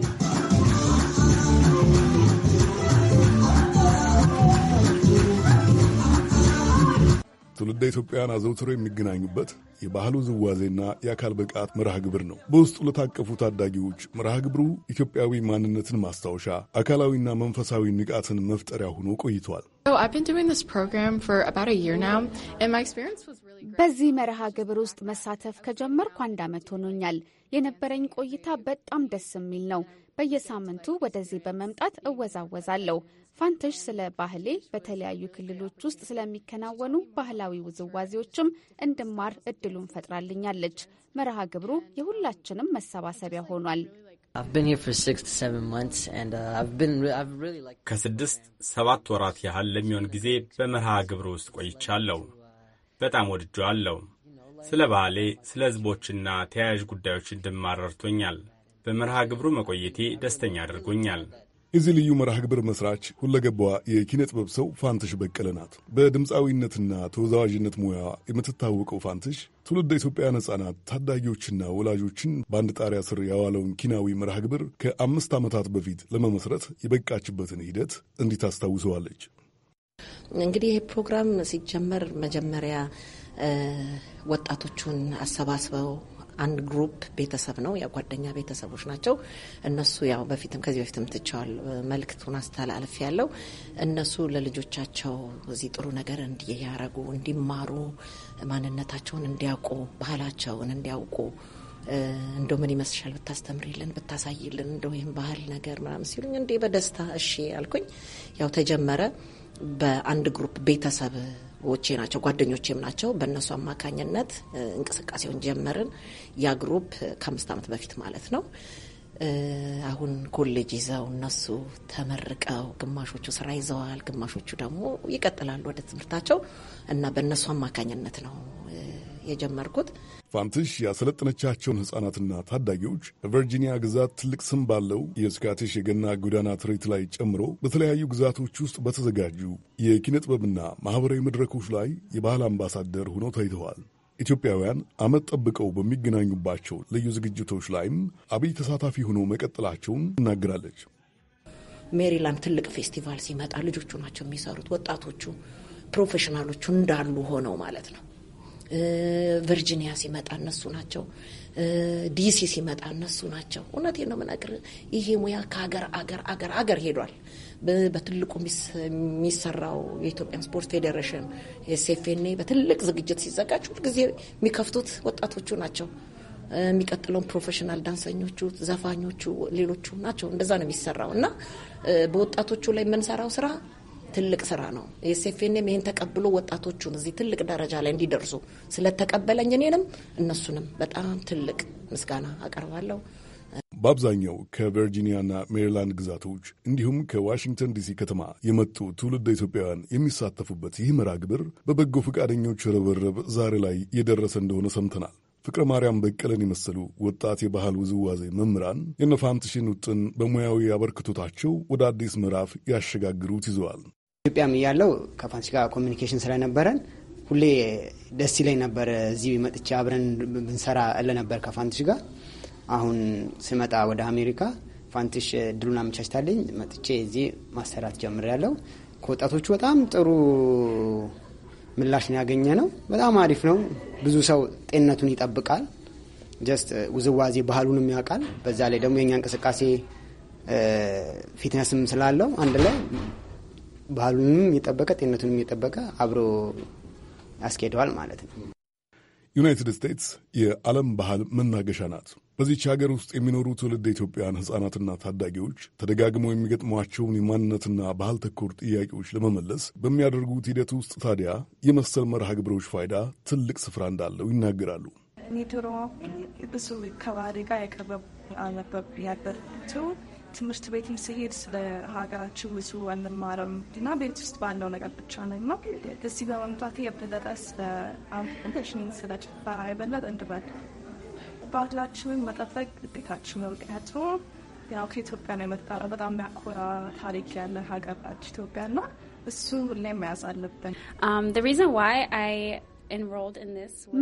ትውልደ ኢትዮጵያውያን አዘውትሮ የሚገናኙበት የባህል ውዝዋዜና የአካል ብቃት መርሃ ግብር ነው። በውስጡ ለታቀፉ ታዳጊዎች መርሃ ግብሩ ኢትዮጵያዊ ማንነትን ማስታወሻ፣ አካላዊና መንፈሳዊ ንቃትን መፍጠሪያ ሆኖ ቆይቷል። በዚህ መርሃ ግብር ውስጥ መሳተፍ ከጀመርኩ አንድ ዓመት ሆኖኛል። የነበረኝ ቆይታ በጣም ደስ የሚል ነው። በየሳምንቱ ወደዚህ በመምጣት እወዛወዛለሁ። ፋንተሽ ስለ ባህሌ በተለያዩ ክልሎች ውስጥ ስለሚከናወኑ ባህላዊ ውዝዋዜዎችም እንድማር እድሉን ፈጥራልኛለች። መርሃ ግብሩ የሁላችንም መሰባሰቢያ ሆኗል። uh, ከስድስት ሰባት ወራት ያህል ለሚሆን ጊዜ በመርሃ ግብሩ ውስጥ ቆይቻለሁ። በጣም ወድጄዋለሁ። ስለ ባህሌ፣ ስለ ህዝቦችና ተያያዥ ጉዳዮች እንድማር ረድቶኛል። በመርሃ ግብሩ መቆየቴ ደስተኛ አድርጎኛል። የዚህ ልዩ መርሃ ግብር መስራች ሁለገቧ የኪነ ጥበብ ሰው ፋንትሽ በቀለ ናት። በድምፃዊነትና ተወዛዋዥነት ሙያ የምትታወቀው ፋንትሽ ትውልድ ኢትዮጵያውያን ሕጻናት ታዳጊዎችና ወላጆችን በአንድ ጣሪያ ስር ያዋለውን ኪናዊ መርሃ ግብር ከአምስት ዓመታት በፊት ለመመስረት የበቃችበትን ሂደት እንዲህ ታስታውሰዋለች። እንግዲህ ይህ ፕሮግራም ሲጀመር መጀመሪያ ወጣቶቹን አሰባስበው አንድ ግሩፕ ቤተሰብ ነው፣ የጓደኛ ቤተሰቦች ናቸው። እነሱ ያው በፊትም ከዚህ በፊትም ትቸዋል መልእክቱን አስተላልፍ ያለው እነሱ ለልጆቻቸው እዚህ ጥሩ ነገር እንዲያረጉ እንዲማሩ፣ ማንነታቸውን እንዲያውቁ፣ ባህላቸውን እንዲያውቁ እንደ ምን ይመስልሻል ብታስተምሪልን ብታሳይልን እንደ ወይም ባህል ነገር ምናምን ሲሉኝ እንዲህ በደስታ እሺ አልኩኝ። ያው ተጀመረ በአንድ ግሩፕ ቤተሰብ ሰዎቼ ናቸው፣ ጓደኞቼም ናቸው። በእነሱ አማካኝነት እንቅስቃሴውን ጀመርን። ያ ግሩፕ ከአምስት ዓመት በፊት ማለት ነው። አሁን ኮሌጅ ይዘው እነሱ ተመርቀው ግማሾቹ ስራ ይዘዋል፣ ግማሾቹ ደግሞ ይቀጥላሉ ወደ ትምህርታቸው እና በእነሱ አማካኝነት ነው የጀመርኩት። ፋንትሽ ያሰለጠነቻቸውን ህጻናትና ታዳጊዎች በቨርጂኒያ ግዛት ትልቅ ስም ባለው የስካቲሽ የገና ጎዳና ትርኢት ላይ ጨምሮ በተለያዩ ግዛቶች ውስጥ በተዘጋጁ የኪነ ጥበብና ማኅበራዊ መድረኮች ላይ የባህል አምባሳደር ሆነው ታይተዋል። ኢትዮጵያውያን ዓመት ጠብቀው በሚገናኙባቸው ልዩ ዝግጅቶች ላይም አብይ ተሳታፊ ሆኖ መቀጠላቸውን ትናገራለች። ሜሪላንድ ትልቅ ፌስቲቫል ሲመጣ ልጆቹ ናቸው የሚሰሩት፣ ወጣቶቹ ፕሮፌሽናሎቹ እንዳሉ ሆነው ማለት ነው። ቨርጂኒያ ሲመጣ እነሱ ናቸው። ዲሲ ሲመጣ እነሱ ናቸው። እውነቴን ነው የምነግርህ። ይሄ ሙያ ከሀገር አገር አገር አገር ሄዷል። በትልቁ የሚሰራው የኢትዮጵያን ስፖርት ፌዴሬሽን ኤስኤፍኔ በትልቅ ዝግጅት ሲዘጋጅ ሁልጊዜ የሚከፍቱት ወጣቶቹ ናቸው። የሚቀጥለውን ፕሮፌሽናል ዳንሰኞቹ፣ ዘፋኞቹ፣ ሌሎቹ ናቸው። እንደዛ ነው የሚሰራው እና በወጣቶቹ ላይ የምንሰራው ስራ ትልቅ ስራ ነው። ኤስኤፍኤንም ይህን ተቀብሎ ወጣቶቹን እዚህ ትልቅ ደረጃ ላይ እንዲደርሱ ስለተቀበለኝ እኔንም እነሱንም በጣም ትልቅ ምስጋና አቀርባለሁ። በአብዛኛው ከቨርጂኒያና ሜሪላንድ ግዛቶች እንዲሁም ከዋሽንግተን ዲሲ ከተማ የመጡ ትውልድ ኢትዮጵያውያን የሚሳተፉበት ይህ መርሃ ግብር በበጎ ፈቃደኞች ርብርብ ዛሬ ላይ የደረሰ እንደሆነ ሰምተናል። ፍቅረ ማርያም በቀለን የመሰሉ ወጣት የባህል ውዝዋዜ መምህራን የነፋንትሽን ውጥን በሙያዊ አበርክቶታቸው ወደ አዲስ ምዕራፍ ያሸጋግሩት ይዘዋል። ኢትዮጵያም እያለው ከፋንሲ ጋር ኮሚኒኬሽን ስለነበረን ሁሌ ደስ ይለኝ ነበር። እዚህ መጥቼ አብረን ብንሰራ ለነበር ከፋንትሽ ጋር አሁን ስመጣ ወደ አሜሪካ ፋንትሽ እድሉን አመቻችታለኝ መጥቼ እዚህ ማሰራት ያለው ከወጣቶቹ በጣም ጥሩ ምላሽ ነው ያገኘ ነው። በጣም አሪፍ ነው። ብዙ ሰው ጤንነቱን ይጠብቃል። ጀስት ውዝዋዜ ባህሉንም ያውቃል። በዛ ላይ ደግሞ የእኛ እንቅስቃሴ ፊትነስም ስላለው አንድ ላይ ባህሉንም የጠበቀ ጤንነቱንም የጠበቀ አብሮ ያስኬደዋል ማለት ነው። ዩናይትድ ስቴትስ የዓለም ባህል መናገሻ ናት። በዚች ሀገር ውስጥ የሚኖሩ ትውልድ ኢትዮጵያውያን ሕጻናትና ታዳጊዎች ተደጋግመው የሚገጥሟቸውን የማንነትና ባህል ተኮር ጥያቄዎች ለመመለስ በሚያደርጉት ሂደት ውስጥ ታዲያ የመሰል መርሃ ግብሮች ፋይዳ ትልቅ ስፍራ እንዳለው ይናገራሉ። እኔ ድሮ ብዙ ከባህሪ ጋር የቀረብ አልነበር ያበቱ ትምህርት ቤትም ስሄድ ስለ ሀገራችን ብዙ አንማርም እና ቤት ውስጥ ባለው ነገር ብቻ ነው ነው። እዚህ በመምጣቴ የበለጠ ስለ አንሽን ስለ ጭፈራ የበለጠ እንድበል ባህላችንን መጠበቅ ግዴታችን ነው። ምክንያቱም ያው ከኢትዮጵያ ነው የመጣነው። በጣም ያኮራ ታሪክ ያለ ሀገር ናት ኢትዮጵያ ና እሱ ላይ መያዝ አለብን። um,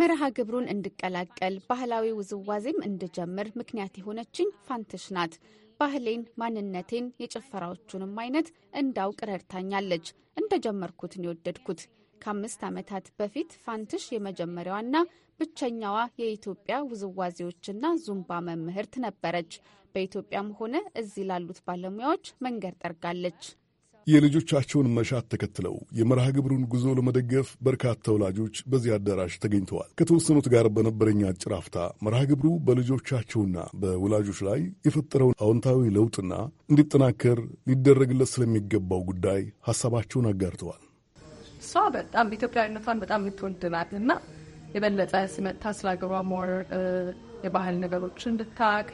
መርሃ ግብሩን እንድቀላቀል ባህላዊ ውዝዋዜም እንድጀምር ምክንያት የሆነችኝ ፋንትሽ ናት። ባህሌን፣ ማንነቴን፣ የጭፈራዎቹንም አይነት እንዳውቅ ረድታኛለች። እንደጀመርኩት የወደድኩት ከአምስት ዓመታት በፊት ፋንትሽ የመጀመሪያዋና ብቸኛዋ የኢትዮጵያ ውዝዋዜዎችና ዙምባ መምህርት ነበረች። በኢትዮጵያም ሆነ እዚህ ላሉት ባለሙያዎች መንገድ ጠርጋለች። የልጆቻቸውን መሻት ተከትለው የመርሃ ግብሩን ጉዞ ለመደገፍ በርካታ ወላጆች በዚህ አዳራሽ ተገኝተዋል። ከተወሰኑት ጋር በነበረኝ አጭር አፍታ መርሃ ግብሩ በልጆቻቸውና በወላጆች ላይ የፈጠረውን አዎንታዊ ለውጥና እንዲጠናከር ሊደረግለት ስለሚገባው ጉዳይ ሀሳባቸውን አጋርተዋል። እሷ በጣም ኢትዮጵያዊነቷን በጣም የምትወድ ናት እና የበለጠ ሲመጣ ስለ ሀገሯ ሞር የባህል ነገሮች እንድታቅ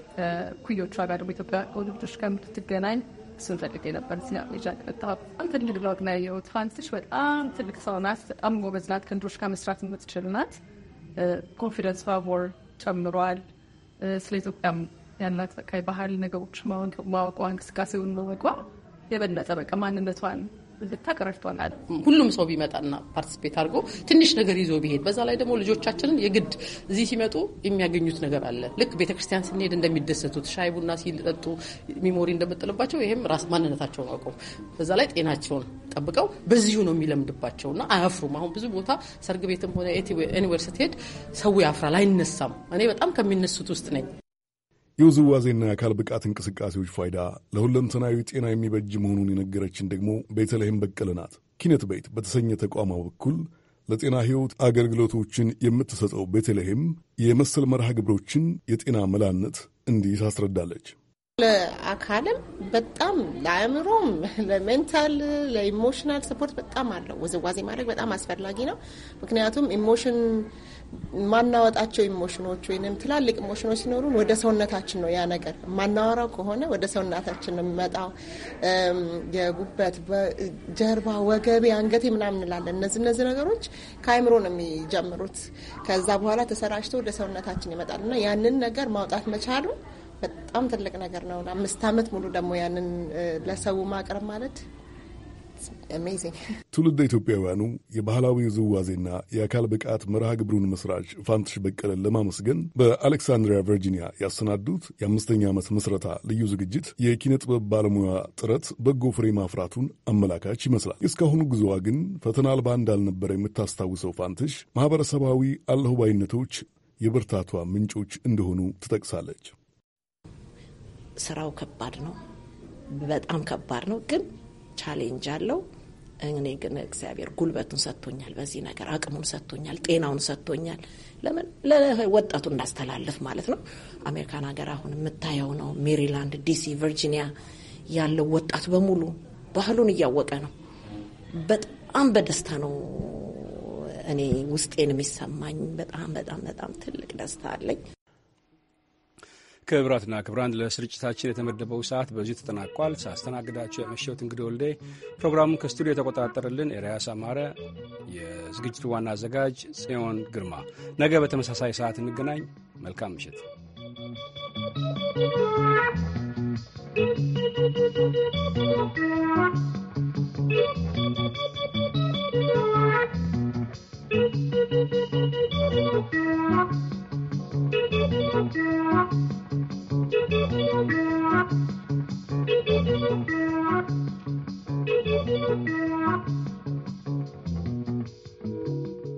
ኩዮቿ ጋር ደግሞ ኢትዮጵያ ልጆች ከምትገናኝ እሱን ፈልጌ ነበር። እዚህ ቀጣ በጣም ትልቅ ለውጥ ነው ያየሁት። ፋንትሽ በጣም ትልቅ ሰው ናት። በጣም ጎበዝ ናት። ከንዶች ጋር መስራት የምትችል ናት። ኮንፊደንስ ፋቮር ጨምሯል። ስለ ኢትዮጵያ ያላት በቃ የባህል ነገሮች ማወቋ እንቅስቃሴውን መወቋ የበለጠ በቃ ማንነቷን ልታቀረጅቷል። ሁሉም ሰው ቢመጣና ፓርቲስፔት አድርጎ ትንሽ ነገር ይዞ ቢሄድ፣ በዛ ላይ ደግሞ ልጆቻችንን የግድ እዚህ ሲመጡ የሚያገኙት ነገር አለ። ልክ ቤተክርስቲያን ስንሄድ እንደሚደሰቱት ሻይ ቡና ሲጠጡ ሚሞሪ እንደምጥልባቸው ይህም ራስ ማንነታቸውን አውቀው በዛ ላይ ጤናቸውን ጠብቀው በዚሁ ነው የሚለምድባቸውና አያፍሩም። አሁን ብዙ ቦታ ሰርግ ቤትም ሆነ ዩኒቨርሲቲ ሄድ ሰው ያፍራል፣ አይነሳም። እኔ በጣም ከሚነሱት ውስጥ ነኝ። የውዝዋዜና የአካል ብቃት እንቅስቃሴዎች ፋይዳ ለሁለንተናዊ ጤና የሚበጅ መሆኑን የነገረችን ደግሞ ቤተልሔም በቀለ ናት። ኪነት ቤት በተሰኘ ተቋማ በኩል ለጤና ሕይወት አገልግሎቶችን የምትሰጠው ቤተልሔም የመሰል መርሃ ግብሮችን የጤና መላነት እንዲህ ታስረዳለች። ለአካልም በጣም ለአእምሮም፣ ለሜንታል፣ ለኢሞሽናል ስፖርት በጣም አለው። ውዝዋዜ ማድረግ በጣም አስፈላጊ ነው። ምክንያቱም ኢሞሽን ማናወጣቸው ኢሞሽኖች ወይም ትላልቅ ኢሞሽኖች ሲኖሩን ወደ ሰውነታችን ነው ያ ነገር ማናወራው ከሆነ ወደ ሰውነታችን ነው የሚመጣው። የጉበት፣ ጀርባ፣ ወገቤ፣ አንገቴ ምናምን እንላለን። እነዚህ እነዚህ ነገሮች ከአይምሮ ነው የሚጀምሩት። ከዛ በኋላ ተሰራጭቶ ወደ ሰውነታችን ይመጣል እና ያንን ነገር ማውጣት መቻሉ በጣም ትልቅ ነገር ነው። አምስት ዓመት ሙሉ ደግሞ ያንን ለሰው ማቅረብ ማለት ትውልደ ኢትዮጵያውያኑ የባህላዊ ውዝዋዜና የአካል ብቃት መርሃ ግብሩን መስራች ፋንትሽ በቀለን ለማመስገን በአሌክሳንድሪያ ቨርጂኒያ ያሰናዱት የአምስተኛ ዓመት ምስረታ ልዩ ዝግጅት የኪነ ጥበብ ባለሙያ ጥረት በጎ ፍሬ ማፍራቱን አመላካች ይመስላል። እስካሁኑ ጉዞዋ ግን ፈተና አልባ እንዳልነበረ የምታስታውሰው ፋንትሽ ማህበረሰባዊ አለሁባይነቶች የብርታቷ ምንጮች እንደሆኑ ትጠቅሳለች። ስራው ከባድ ነው፣ በጣም ከባድ ነው ግን ቻሌንጅ አለው። እኔ ግን እግዚአብሔር ጉልበቱን ሰጥቶኛል፣ በዚህ ነገር አቅሙን ሰጥቶኛል፣ ጤናውን ሰጥቶኛል። ለምን ለወጣቱ እንዳስተላለፍ ማለት ነው። አሜሪካን ሀገር አሁን የምታየው ነው። ሜሪላንድ፣ ዲሲ፣ ቨርጂኒያ ያለው ወጣት በሙሉ ባህሉን እያወቀ ነው። በጣም በደስታ ነው እኔ ውስጤን የሚሰማኝ። በጣም በጣም በጣም ትልቅ ደስታ አለኝ። ክቡራትና ክቡራን ለስርጭታችን የተመደበው ሰዓት በዚሁ ተጠናቋል። ሳስተናግዳቸው የመሸሁት እንግዲህ ወልዴ፣ ፕሮግራሙን ከስቱዲዮ የተቆጣጠረልን ኤርያስ አማረ፣ የዝግጅቱ ዋና አዘጋጅ ጽዮን ግርማ። ነገ በተመሳሳይ ሰዓት እንገናኝ። መልካም ምሽት። Thank you.